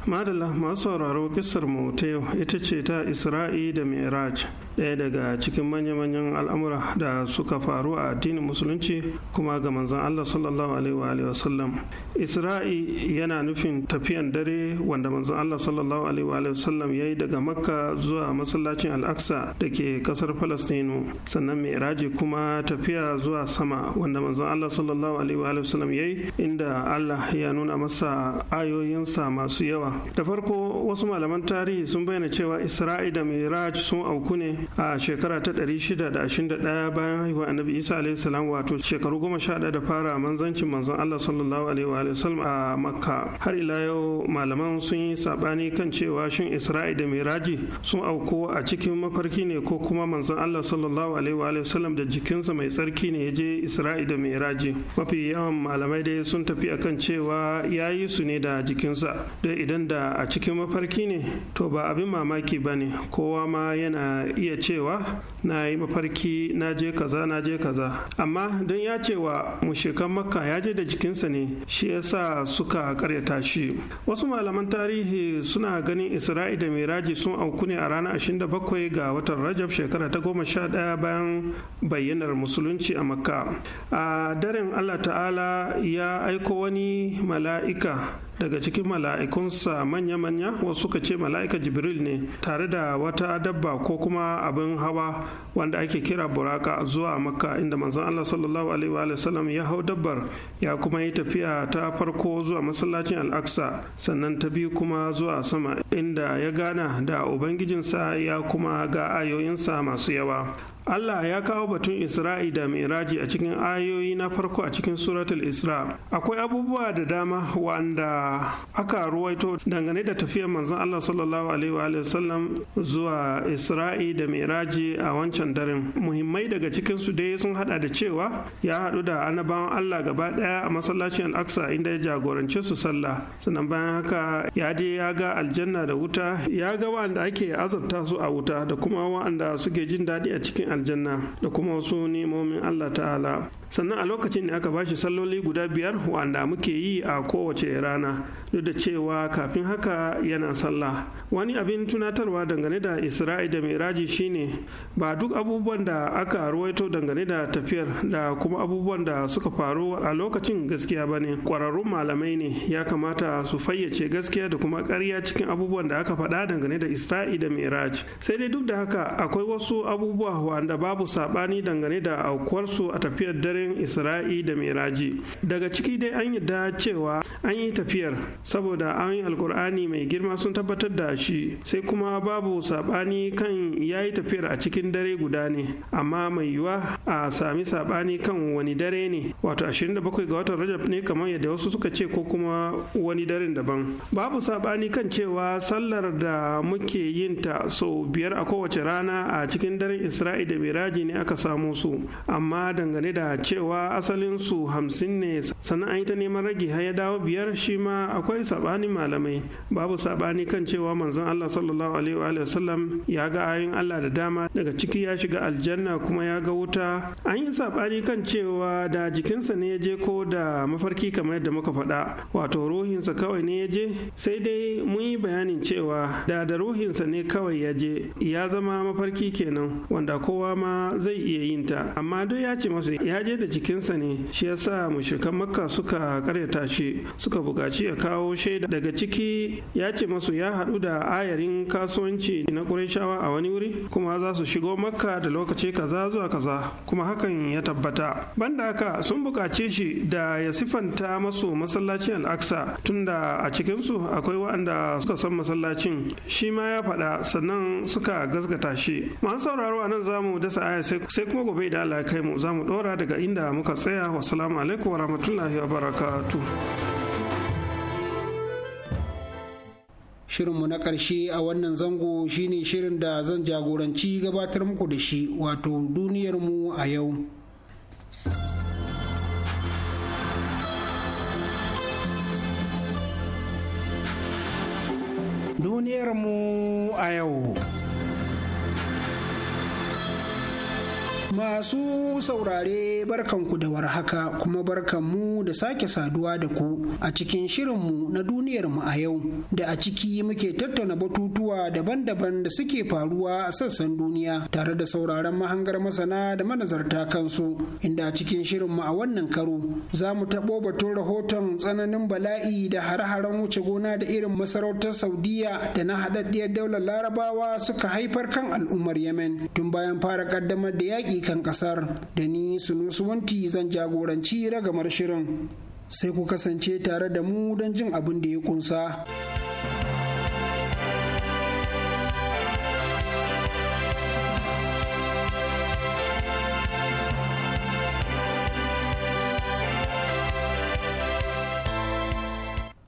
madalla masu sauraro kisar mu ta yau ita ce ta isra'i da mi'raj ɗaya daga cikin manya-manyan al'amura da suka faru a addinin musulunci kuma ga manzon Allah sallallahu alaihi wa sallam isra'i yana nufin tafiyan dare wanda manzon Allah sallallahu alaihi wa sallam ya yi daga makka zuwa masallacin al-aqsa da ke kasar falastinu sannan mi'raji kuma tafiya zuwa sama wanda manzon Allah sallallahu alaihi wa sallam ya yi inda Allah ya nuna masa ayoyinsa masu yawa da farko wasu malaman tarihi sun bayyana cewa isra'i da mi'raj sun auku ne a shekara ta 621 bayan haihuwa annabi isa alaihi salam wato shekaru goma sha da fara manzancin manzon allah sallallahu alaihi wa sallam a makka har ila yau malaman sun yi sabani kan cewa shin isra'i da miraji sun auko a cikin mafarki ne ko kuma manzon allah sallallahu alaihi wa sallam da jikinsa mai tsarki ne ya je isra'i da miraji mafi yawan malamai dai sun tafi akan cewa ya yi su ne da jikinsa don idan da a cikin mafarki ne to ba abin mamaki ba ne kowa ma yana iya iya cewa na yi mafarki na je kaza na je kaza amma don ya ce wa mushrikan makka ya je da jikinsa ne shi ya sa suka karyata shi wasu malaman tarihi suna ganin isra'i da miraji sun auku ne a ranar 27 ga watan rajab shekara ta goma sha ɗaya bayan bayyanar musulunci a makka a daren allah ta'ala ya aiko wani mala'ika daga cikin mala'ikunsa manya-manya wasu ka ce mala'ika jibril ne tare da wata dabba ko kuma abin hawa wanda ake kira buraka zuwa makka inda manzon allah sallallahu alaihi wa sallam ya hau dabbar ya kuma yi tafiya ta farko zuwa masallacin al'aksa sannan ta biyu kuma zuwa sama inda ya gana da ubangijinsa ya kuma ga ayoyinsa masu yawa Allah ya kawo batun Isra'i da Miraji a cikin ayoyi na farko a cikin suratul Isra. Akwai abubuwa da dama wanda aka ruwaito dangane da tafiyar manzon Allah sallallahu alaihi wa sallam zuwa Isra'i da Miraji a wancan daren. Muhimmai daga cikin su dai sun hada da cewa ya hadu da annabawan Allah gaba ɗaya a masallacin Al-Aqsa inda ya jagorance su sallah. Sannan bayan haka ya je ya ga aljanna da wuta, ya ga wanda ake azabta su a wuta da kuma wanda suke jin daɗi a cikin aljanna da kuma wasu nemomin Allah ta'ala sannan a lokacin ne aka bashi salloli guda biyar wanda muke yi a kowace rana duk da cewa kafin haka yana sallah wani abin tunatarwa dangane da isra'i da miraji shine ba duk abubuwan da aka ruwaito dangane da tafiyar da kuma abubuwan da suka faru a lokacin gaskiya ba ne kwararrun malamai ne ya kamata su fayyace gaskiya da kuma karya cikin abubuwan da aka faɗa dangane da isra'i da miraji sai dai duk da haka akwai wasu abubuwa waɗanda babu saɓani dangane da aukuwarsu a tafiyar daren isra'i da miraji daga ciki dai an yi da cewa an yi tafiyar saboda an yi alkur'ani mai girma sun tabbatar da shi sai kuma babu saɓani kan ya yi tafiyar a cikin dare guda ne amma mai yiwuwa a sami saɓani kan wani dare ne wato 27 ga watan rajab ne kamar yadda wasu suka ce ko kuma wani daren daban babu saɓani kan cewa sallar da muke yin ta sau biyar a kowace rana a cikin daren isra'i da da miraji ne aka samo su amma dangane da cewa asalin su hamsin ne sannan an yi ta neman rage ya dawo biyar shi ma akwai sabani malamai babu sabani kan cewa manzon Allah sallallahu alaihi wa sallam ya ga ayoyin Allah da dama daga ciki ya shiga aljanna kuma ya ga wuta an yi sabani kan cewa da jikinsa ne ya je ko da mafarki kamar yadda muka faɗa wato ruhinsa kawai ne ya je sai dai mun yi bayanin cewa da da ruhinsa ne kawai ya je ya zama mafarki kenan wanda kowa kowa ma zai iya yin ta amma duk ya ce masu ya je da jikinsa ne shi ya sa mushrikan makka suka karyata shi suka buƙaci ya kawo shaida daga ciki ya ce masu ya haɗu da ayarin kasuwanci na ƙurashawa a wani wuri kuma za su shigo makka da lokaci kaza zuwa kaza kuma hakan ya tabbata banda haka sun buƙace shi da ya sifanta masu masallacin al'aksa tunda a cikinsu akwai waɗanda suka san masallacin shi ma ya faɗa sannan suka gasgata shi masu sauraro a nan zamu mu dasa aya sai kuma gobe da Allah kai mu za mu dora daga inda muka tsaya wassalamu alaikum wa rahmatullahi wa barakatu. Shirinmu na ƙarshe a wannan zango shine shirin da zan jagoranci gabatar muku da shi wato duniyarmu a yau. duniyarmu a yau. Masu saurare barkanku da warhaka kuma barkanmu da sake saduwa da ku a cikin shirinmu na duniyarmu a yau da a ciki muke tattauna batutuwa daban-daban da suke faruwa a sassan duniya tare da sauraron mahangar masana da manazarta kansu inda a cikin shirinmu a wannan karo za mu taɓo batun rahoton tsananin bala'i da hare-haren wuce gona da irin masarautar saudiya da na haɗaɗɗiyar daular larabawa suka haifar kan al'ummar yemen tun bayan fara ƙaddamar da yaƙi kan kasar da ni sunusuwanti zan jagoranci ragamar shirin sai ku kasance tare da mu don jin abin da ya kunsa.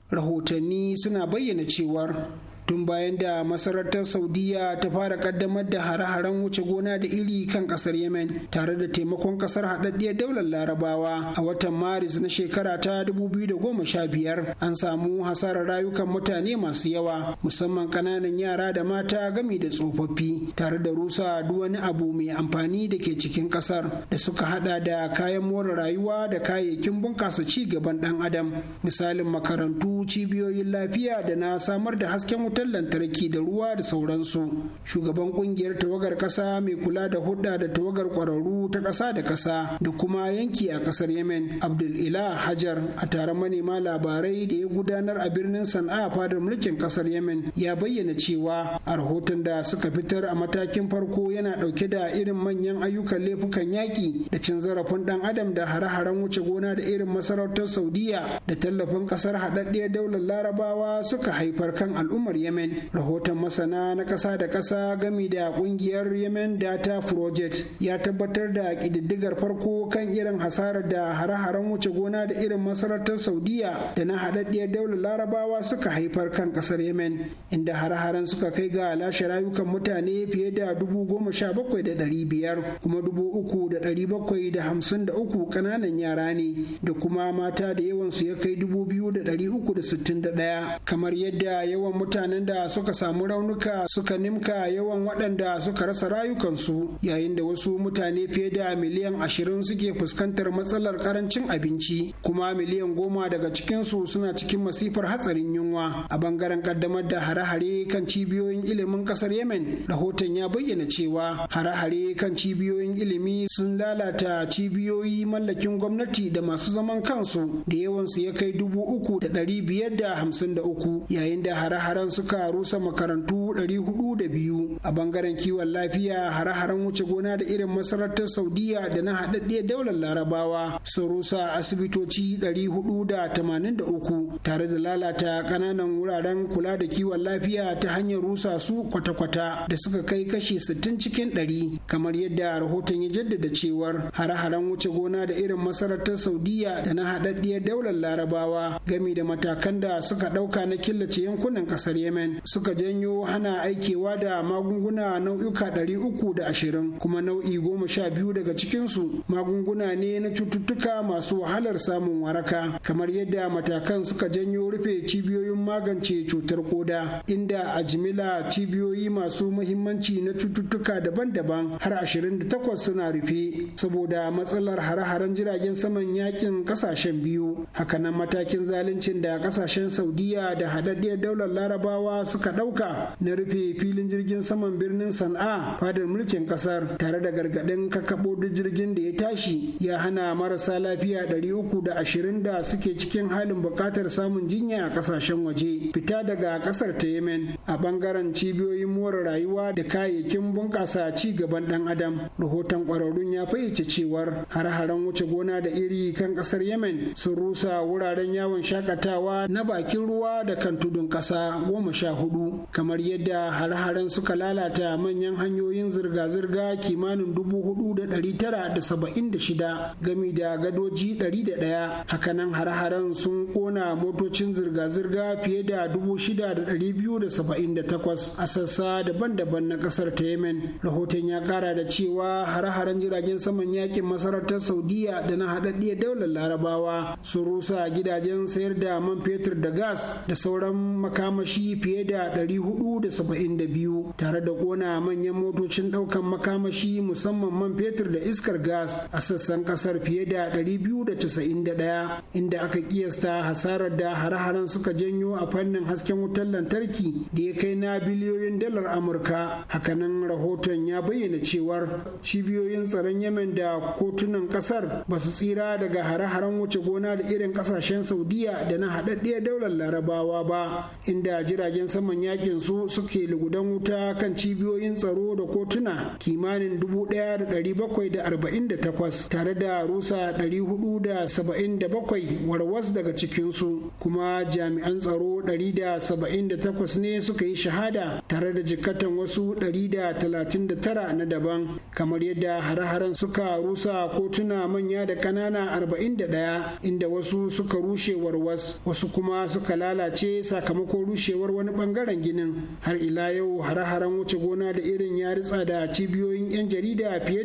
rahotanni suna bayyana cewar tun bayan da masarautar saudiya ta fara kaddamar da hare-haren wuce gona da iri kan kasar yemen tare da taimakon kasar haɗaɗɗiyar daular larabawa a watan maris na shekara ta biyar, an samu hasarar rayukan mutane masu yawa musamman ƙananan yara da mata gami da tsofaffi tare da rusa duk wani abu mai amfani da ke cikin kasar da suka hada da kayan more rayuwa da kayayyakin bunkasa ci gaban dan adam misalin makarantu cibiyoyin lafiya da na samar da hasken wuta wutar lantarki da ruwa da sauransu shugaban kungiyar tawagar kasa mai kula da hudda da tawagar kwararru ta kasa da kasa da kuma yanki a kasar yemen abdul ila hajar a taron manema labarai da ya gudanar a birnin sana'a fadar mulkin kasar yemen ya bayyana cewa a rahoton da suka fitar a matakin farko yana dauke da irin manyan ayyukan laifukan yaƙi da cin zarafin dan adam da hare-haren wuce gona da irin masarautar saudiya da tallafin kasar haɗaɗɗiyar daular larabawa suka haifar kan al'ummar yemen yemen rahoton masana na ƙasa da ƙasa gami da ƙungiyar yemen data project ya tabbatar da ƙididdigar farko kan irin hasarar da hare-haren wuce gona da irin masarautar saudiya da na haɗaɗɗiyar daular larabawa suka haifar kan ƙasar yemen inda hare-haren suka kai ga lashe rayukan mutane fiye da dubu goma sha bakwai da ɗari biyar kuma dubu uku da ɗari bakwai da hamsin da uku ƙananan yara ne da kuma mata da yawansu ya kai dubu biyu da ɗari uku da sittin da ɗaya kamar yadda yawan mutanen waɗanda suka samu raunuka suka nimka yawan waɗanda suka rasa rayukansu yayin da wasu mutane fiye da miliyan ashirin suke fuskantar matsalar karancin abinci kuma miliyan goma daga cikinsu suna cikin masifar hatsarin yunwa a bangaren kaddamar da hare-hare kan cibiyoyin ilimin ƙasar yemen rahoton ya bayyana cewa hare-hare kan cibiyoyin ilimi sun lalata cibiyoyi mallakin gwamnati da masu zaman kansu da yawansu ya kai dubu uku da ɗari biyar da hamsin da uku yayin da hare-haren suka rusa makarantu 402 a bangaren kiwon lafiya hare-haren wuce gona da irin masarautar saudiya da na haɗaɗɗiyar daular larabawa sun rusa asibitoci 483 tare da lalata ƙananan wuraren kula da kiwon lafiya ta hanyar rusa su kwata-kwata da suka kai kashe 60 cikin 100 kamar yadda rahoton ya jaddada cewar hare-haren wuce gona da irin masarautar saudiya da na haɗaɗɗiyar daular larabawa game da matakan da suka ɗauka na killace yankunan ƙasar yemen suka janyo hana aikewa da magunguna nau'uka ɗari uku da ashirin kuma nau'i goma sha biyu daga cikinsu magunguna ne na cututtuka masu wahalar samun waraka kamar yadda matakan suka janyo rufe cibiyoyin magance cutar koda inda a jimila cibiyoyi masu muhimmanci na cututtuka daban-daban har ashirin da takwas suna rufe saboda matsalar hare-haren jiragen saman yakin kasashen biyu hakanan matakin zaluncin da kasashen saudiya da haɗaɗɗiyar daular larabawa turawa suka ɗauka na rufe filin jirgin saman birnin sana'a fadar mulkin kasar tare da gargaɗin kakaɓo duk jirgin da ya tashi ya hana marasa lafiya ɗari uku da ashirin da suke cikin halin buƙatar samun jinya a ƙasashen waje fita daga ƙasar ta yemen a ɓangaren cibiyoyin more rayuwa da kayayyakin bunƙasa ci gaban ɗan adam rahoton ƙwararrun ya fayyace cewar har-haren wuce gona da iri kan ƙasar yemen sun rusa wuraren yawon shakatawa na bakin ruwa da kan tudun ƙasa goma goma kamar yadda har haren suka lalata manyan hanyoyin zirga-zirga kimanin dubu hudu da dari tara da saba'in da shida gami da gadoji dari da daya, hakanan har haren sun ƙona motocin zirga-zirga fiye da dubu shida da dari biyu da saba'in da takwas a sassa daban-daban na ƙasar ta yemen rahoton ya ƙara da cewa har haren jiragen saman yakin masarautar saudiya da na haɗaɗɗiyar daular larabawa sun rusa gidajen sayar da man fetur da gas da sauran makamashi fiye da 472 tare da kona manyan motocin daukan makamashi musamman man fetur da iskar gas a sassan kasar fiye da 291 inda aka kiyasta hasarar da hare-haren suka janyo a fannin hasken wutar lantarki da ya kai na biliyoyin dalar amurka hakanan rahoton ya bayyana cewar cibiyoyin tsaron yemen da kotunan kasar ba su tsira daga hare-haren wuce gona da irin kasashen saudiya da na haɗaɗɗiyar daular larabawa ba inda jira jiragen saman yakin su suke lugudan wuta kan cibiyoyin tsaro da kotuna kimanin 1748 tare da rusa 477 warwas daga cikinsu kuma jami'an tsaro 178 ne suka yi shahada tare da jikatan wasu 139 na daban kamar yadda hare-haren suka rusa kotuna manya da ƙanana 41 inda wasu suka rushe warwas wasu kuma suka lalace sakamakon rushewar wani bangaren ginin har ila yau hare-haren wuce gona da irin ya ritsa da cibiyoyin 'yan jarida fiye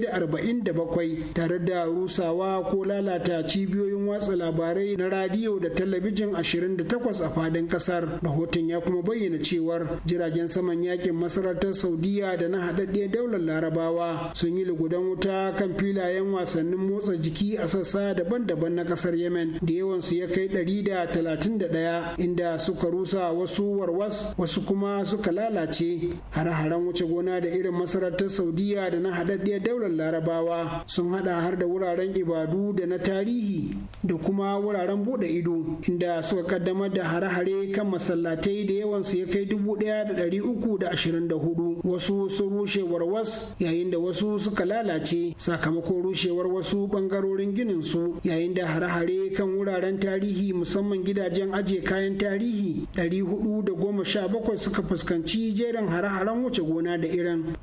da bakwai tare da rusawa ko lalata cibiyoyin watsa labarai na radiyo da talabijin 28 a fadin kasar rahoton ya kuma bayyana cewar jiragen saman yakin masarautar saudiya da na haɗaɗɗiyar daular larabawa sun yi lugudan wuta kan filayen wasannin motsa jiki a sassa daban-daban na kasar yemen da yawansu ya kai da 131 inda suka rusa wasu warwa gabas wasu kuma suka lalace hare-haren wuce gona da irin masarautar saudiya da na haɗaɗɗiyar daular larabawa sun haɗa har da wuraren ibadu da na tarihi da kuma wuraren buɗe ido inda suka kaddamar da hare-hare kan masallatai da yawan su ya kai dubu ɗaya da ɗari uku da ashirin da hudu wasu sun rushe warwas yayin da wasu suka lalace sakamakon rushewar wasu ɓangarorin ginin su yayin da hare-hare kan wuraren tarihi musamman gidajen ajiye kayan tarihi ɗari hudu da goma goma sha bakwai suka fuskanci jerin hare-haren wuce gona da irin.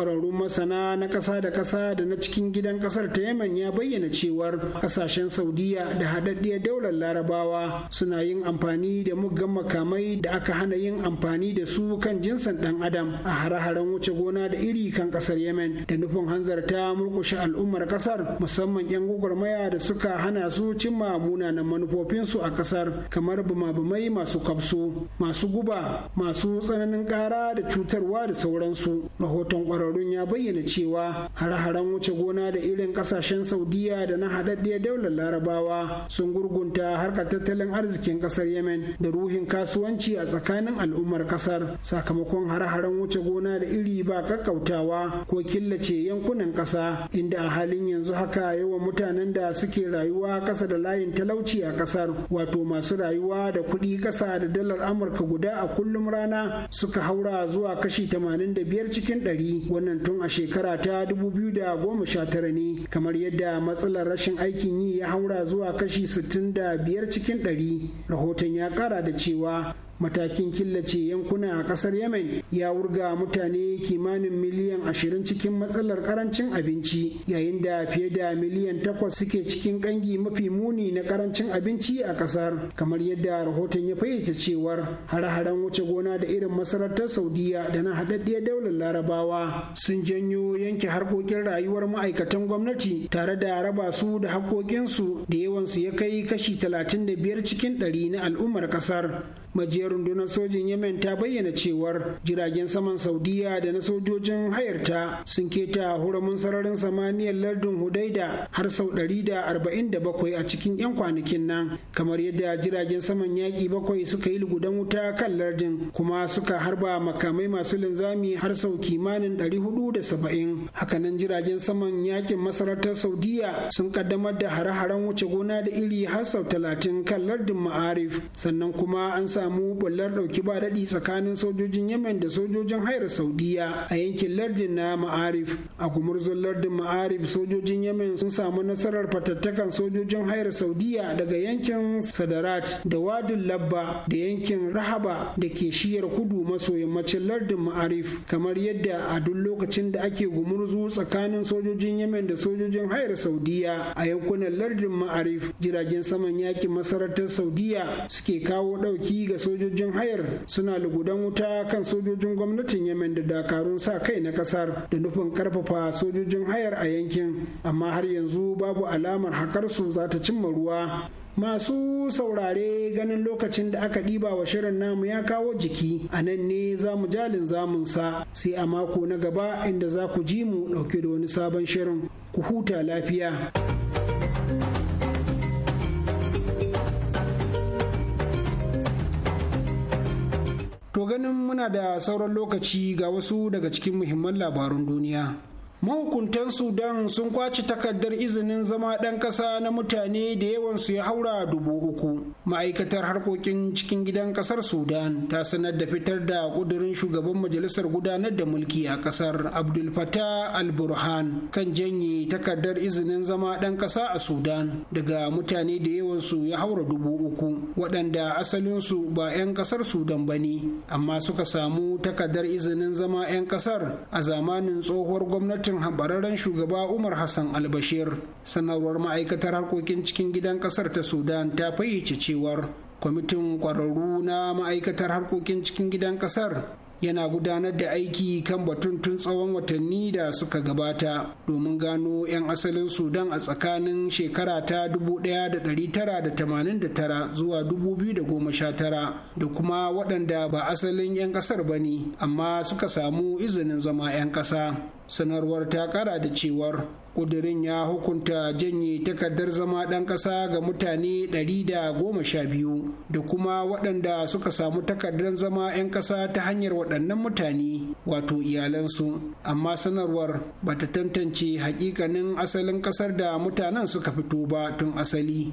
kwararrun masana na ƙasa da ƙasa da na cikin gidan ƙasar ta yemen ya bayyana cewar ƙasashen saudiya da haɗaɗɗiyar daular larabawa suna yin amfani da muggan makamai da aka hana yin amfani da su kan jinsin ɗan adam a hare-haren wuce gona da iri kan ƙasar yemen da nufin hanzarta murƙushe al'ummar ƙasar musamman 'yan gwagwarmaya da suka hana su cimma munanan manufofinsu a ƙasar kamar bama-bamai masu kabso, masu guba masu tsananin ƙara da cutarwa da sauransu rahoton ƙwararru labarun ya bayyana cewa har-haren wuce gona da irin kasashen saudiya da na haɗaɗɗiyar daular larabawa sun gurgunta harkar tattalin arzikin ƙasar yemen da ruhin kasuwanci a tsakanin al'ummar ƙasar sakamakon har-haren wuce gona da iri ba kakkautawa ko killace yankunan ƙasa inda a halin yanzu haka yawan mutanen da suke rayuwa ƙasa da layin talauci a ƙasar wato masu rayuwa da kuɗi ƙasa da dalar amurka guda a kullum rana suka haura zuwa kashi 85 cikin 100 wannan tun a shekara ta 2019 ne kamar yadda matsalar rashin aikin yi ya haura zuwa kashi 65 cikin 100 rahoton ya kara da cewa matakin killace yankuna a kasar yemen ya wurga mutane kimanin miliyan ashirin cikin matsalar karancin abinci yayin da fiye da miliyan takwas suke cikin kangi mafi muni na karancin abinci a kasar kamar yadda rahoton ya fayyace cewar hare-haren wuce gona da irin masarautar saudiya da na haɗaɗɗiyar daular larabawa sun janyo yanke harkokin rayuwar ma'aikatan gwamnati tare da raba su da haƙoƙinsu da yawansu ya kai kashi talatin da biyar cikin ɗari na al'ummar kasar majiyar rundunar sojin yemen ta bayyana cewar jiragen saman saudiya da na sojojin hayarta sun keta huramin sararin samaniyar lardin hudaida har sau 147 a cikin 'yan kwanakin nan kamar yadda jiragen saman yaƙi bakwai suka yi lugudan wuta kan lardin kuma suka harba makamai masu linzami har sau kimanin 470 hakanan jiragen saman yaƙin masarautar saudiya sun ƙaddamar da hare-haren wuce gona da iri har sau 30 kan lardin ma'arif sannan kuma an sa samu bullar ɗauki ba daɗi tsakanin sojojin yemen da sojojin hayar saudiya a yankin lardin na ma'arif a gumurzun lardin ma'arif sojojin yemen sun samu nasarar fatattakan sojojin hayar saudiya daga yankin sadarat da wadin labba da yankin rahaba da ke shiyar kudu maso yammacin lardin ma'arif kamar yadda a duk lokacin da ake gumurzu tsakanin sojojin yemen da sojojin hayar saudiya a yankunan lardin ma'arif jiragen saman yakin masarautar saudiya suke kawo ɗauki ga sojojin hayar suna lugudan wuta kan sojojin gwamnatin yemen da dakarun sa kai na kasar da nufin karfafa sojojin hayar a yankin amma har yanzu babu alamar su za ta cimma ruwa masu saurare ganin lokacin da aka ɗiba wa shirin namu ya kawo jiki a nan ne za mu jalin zamunsa sai a mako na gaba inda za ku ji mu ɗauke da wani sabon shirin ku huta lafiya. ganin muna da sauran lokaci ga wasu daga cikin muhimman labarun duniya. mahukuntan sudan sun kwace takardar izinin zama ɗan ƙasa na mutane da yawansu ya haura dubu uku ma'aikatar harkokin cikin gidan ƙasar sudan ta sanar da fitar da ƙudurin shugaban majalisar gudanar da mulki a ƙasar Abdulfata alburhan al burhan kan janye takardar izinin zama ɗan ƙasa a sudan daga mutane da yawansu ya haura dubu uku waɗanda asalinsu ba 'yan ƙasar sudan ba ne amma suka samu takardar izinin zama 'yan ƙasar a zamanin tsohuwar gwamnati. gwamnatin habararren shugaba umar hassan albashir sanarwar ma'aikatar harkokin cikin gidan kasar ta sudan ta fayyace cewar kwamitin kwararru na ma'aikatar harkokin cikin gidan kasar yana gudanar da aiki kan batun tun tsawon watanni da suka gabata domin gano 'yan asalin sudan a tsakanin shekara ta 1989 zuwa 2019 da kuma waɗanda ba asalin 'yan ƙasar ba ne amma suka samu izinin zama 'yan ƙasa sanarwar ta kara da cewar ƙudurin ya hukunta janye takardar zama ɗan ƙasa ga mutane 112 da kuma waɗanda suka samu takardar zama 'yan ƙasa ta hanyar waɗannan mutane wato iyalansu amma sanarwar ba ta tantance hakikanin asalin ƙasar da mutanen suka fito ba tun asali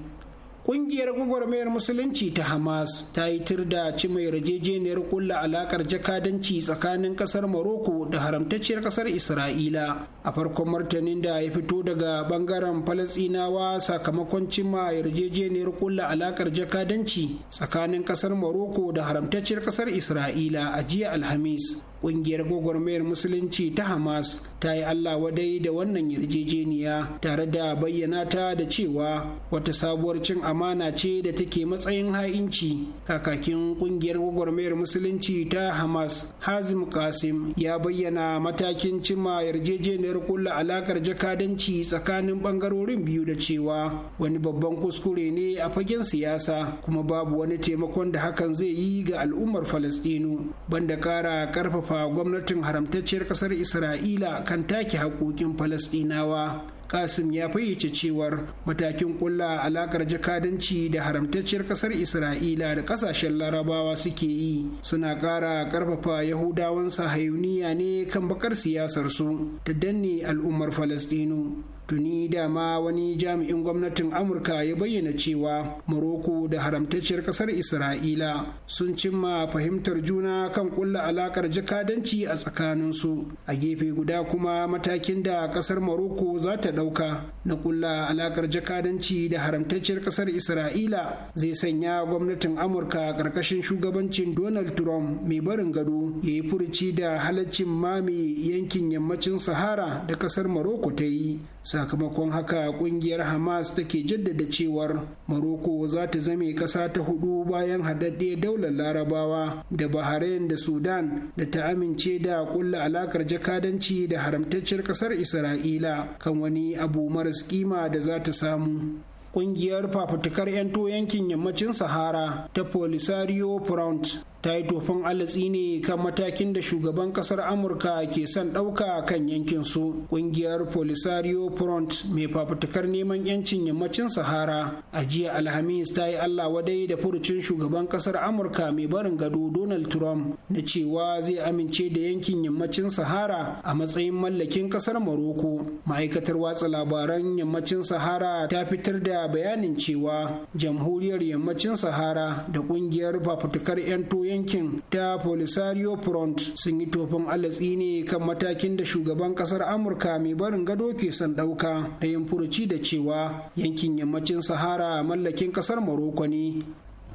Ƙungiyar gwagwarmayar Musulunci ta Hamas ta yi tirda ci mai yarjejeniyar kulla alakar jakadanci tsakanin ƙasar Morocco da haramtacciyar ƙasar Isra'ila. A farkon martanin da ya fito daga bangaren Falasinawa, sakamakon cimma yarjejeniyar kulla alakar jakadanci tsakanin ƙasar Morocco da haramtacciyar ƙasar Isra'ila a jiya Alhamis. kungiyar gwagwarmayar musulunci ta hamas ta yi allah wadai da wannan yarjejeniya tare da bayyana ta da cewa wata sabuwar cin amana ce da take matsayin ha'inci kakakin kungiyar gwagwarmayar musulunci ta hamas hazim kasim ya bayyana matakin cimma yarjejeniyar kulla alakar jakadanci tsakanin bangarorin biyu da cewa wani babban kuskure ne a fagen siyasa kuma babu wani taimakon da hakan zai yi ga al'ummar falastinu banda kara karfafa ƙarfafa gwamnatin haramtacciyar ƙasar isra'ila kan take haƙoƙin falasɗinawa kasim ya fayyace cewar matakin kulla alakar jakadanci da haramtacciyar kasar isra'ila da kasashen larabawa suke yi suna ƙara ƙarfafa yahudawan sahayuniya ne kan bakar siyasar su da danne al'ummar falasɗinu tuni dama wani jami'in gwamnatin amurka ya bayyana cewa maroko da haramtacciyar kasar isra'ila sun cimma fahimtar juna kan kulla alakar jakadanci a tsakaninsu a gefe guda kuma matakin da kasar maroko za ta ɗauka na kulla alakar jakadanci da haramtacciyar kasar isra'ila zai sanya gwamnatin amurka ƙarƙashin shugabancin donald trump mai barin gado ya yi furuci da halaccin mame yankin yammacin sahara da kasar maroko ta yi sakamakon haka kungiyar hamas take jaddada cewar maroko za ta zame kasa ta hudu bayan haɗaɗɗe daular larabawa da bahrain da sudan da ta amince da kulla alakar jakadanci da haramtacciyar kasar isra'ila kan wani abu maras kima da za ta samu Ƙungiyar fafutukar 'yanto yankin yammacin sahara ta polisario front ta yi tofin alatsi ne kan matakin da shugaban kasar amurka ke son ɗauka kan yankin su ƙungiyar polisario front mai fafutukar neman yancin yammacin sahara a jiya alhamis ta yi allah wadai da furucin shugaban kasar amurka mai barin gado donald trump na cewa zai amince da yankin yammacin sahara a matsayin mallakin kasar maroko ma'aikatar watsa labaran yammacin sahara ta fitar da bayanin cewa jamhuriyar yammacin sahara da ƙungiyar fafutukar 'yan yankin ta polisario front sun yi tofin alatsi ne kan matakin da shugaban kasar amurka mai barin gado ke son ɗauka da yin furuci da cewa yankin yammacin sahara mallakin kasar maroko ne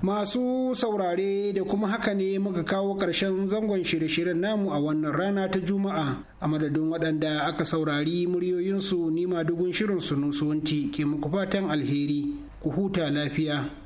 Masu saurare da kuma haka ne muka kawo ƙarshen zangon shirye-shiryen namu a wannan rana ta Juma'a. A madadin waɗanda aka saurari muryoyinsu nima dugun shirin sunusuwanti ke muku fatan alheri, ku huta lafiya.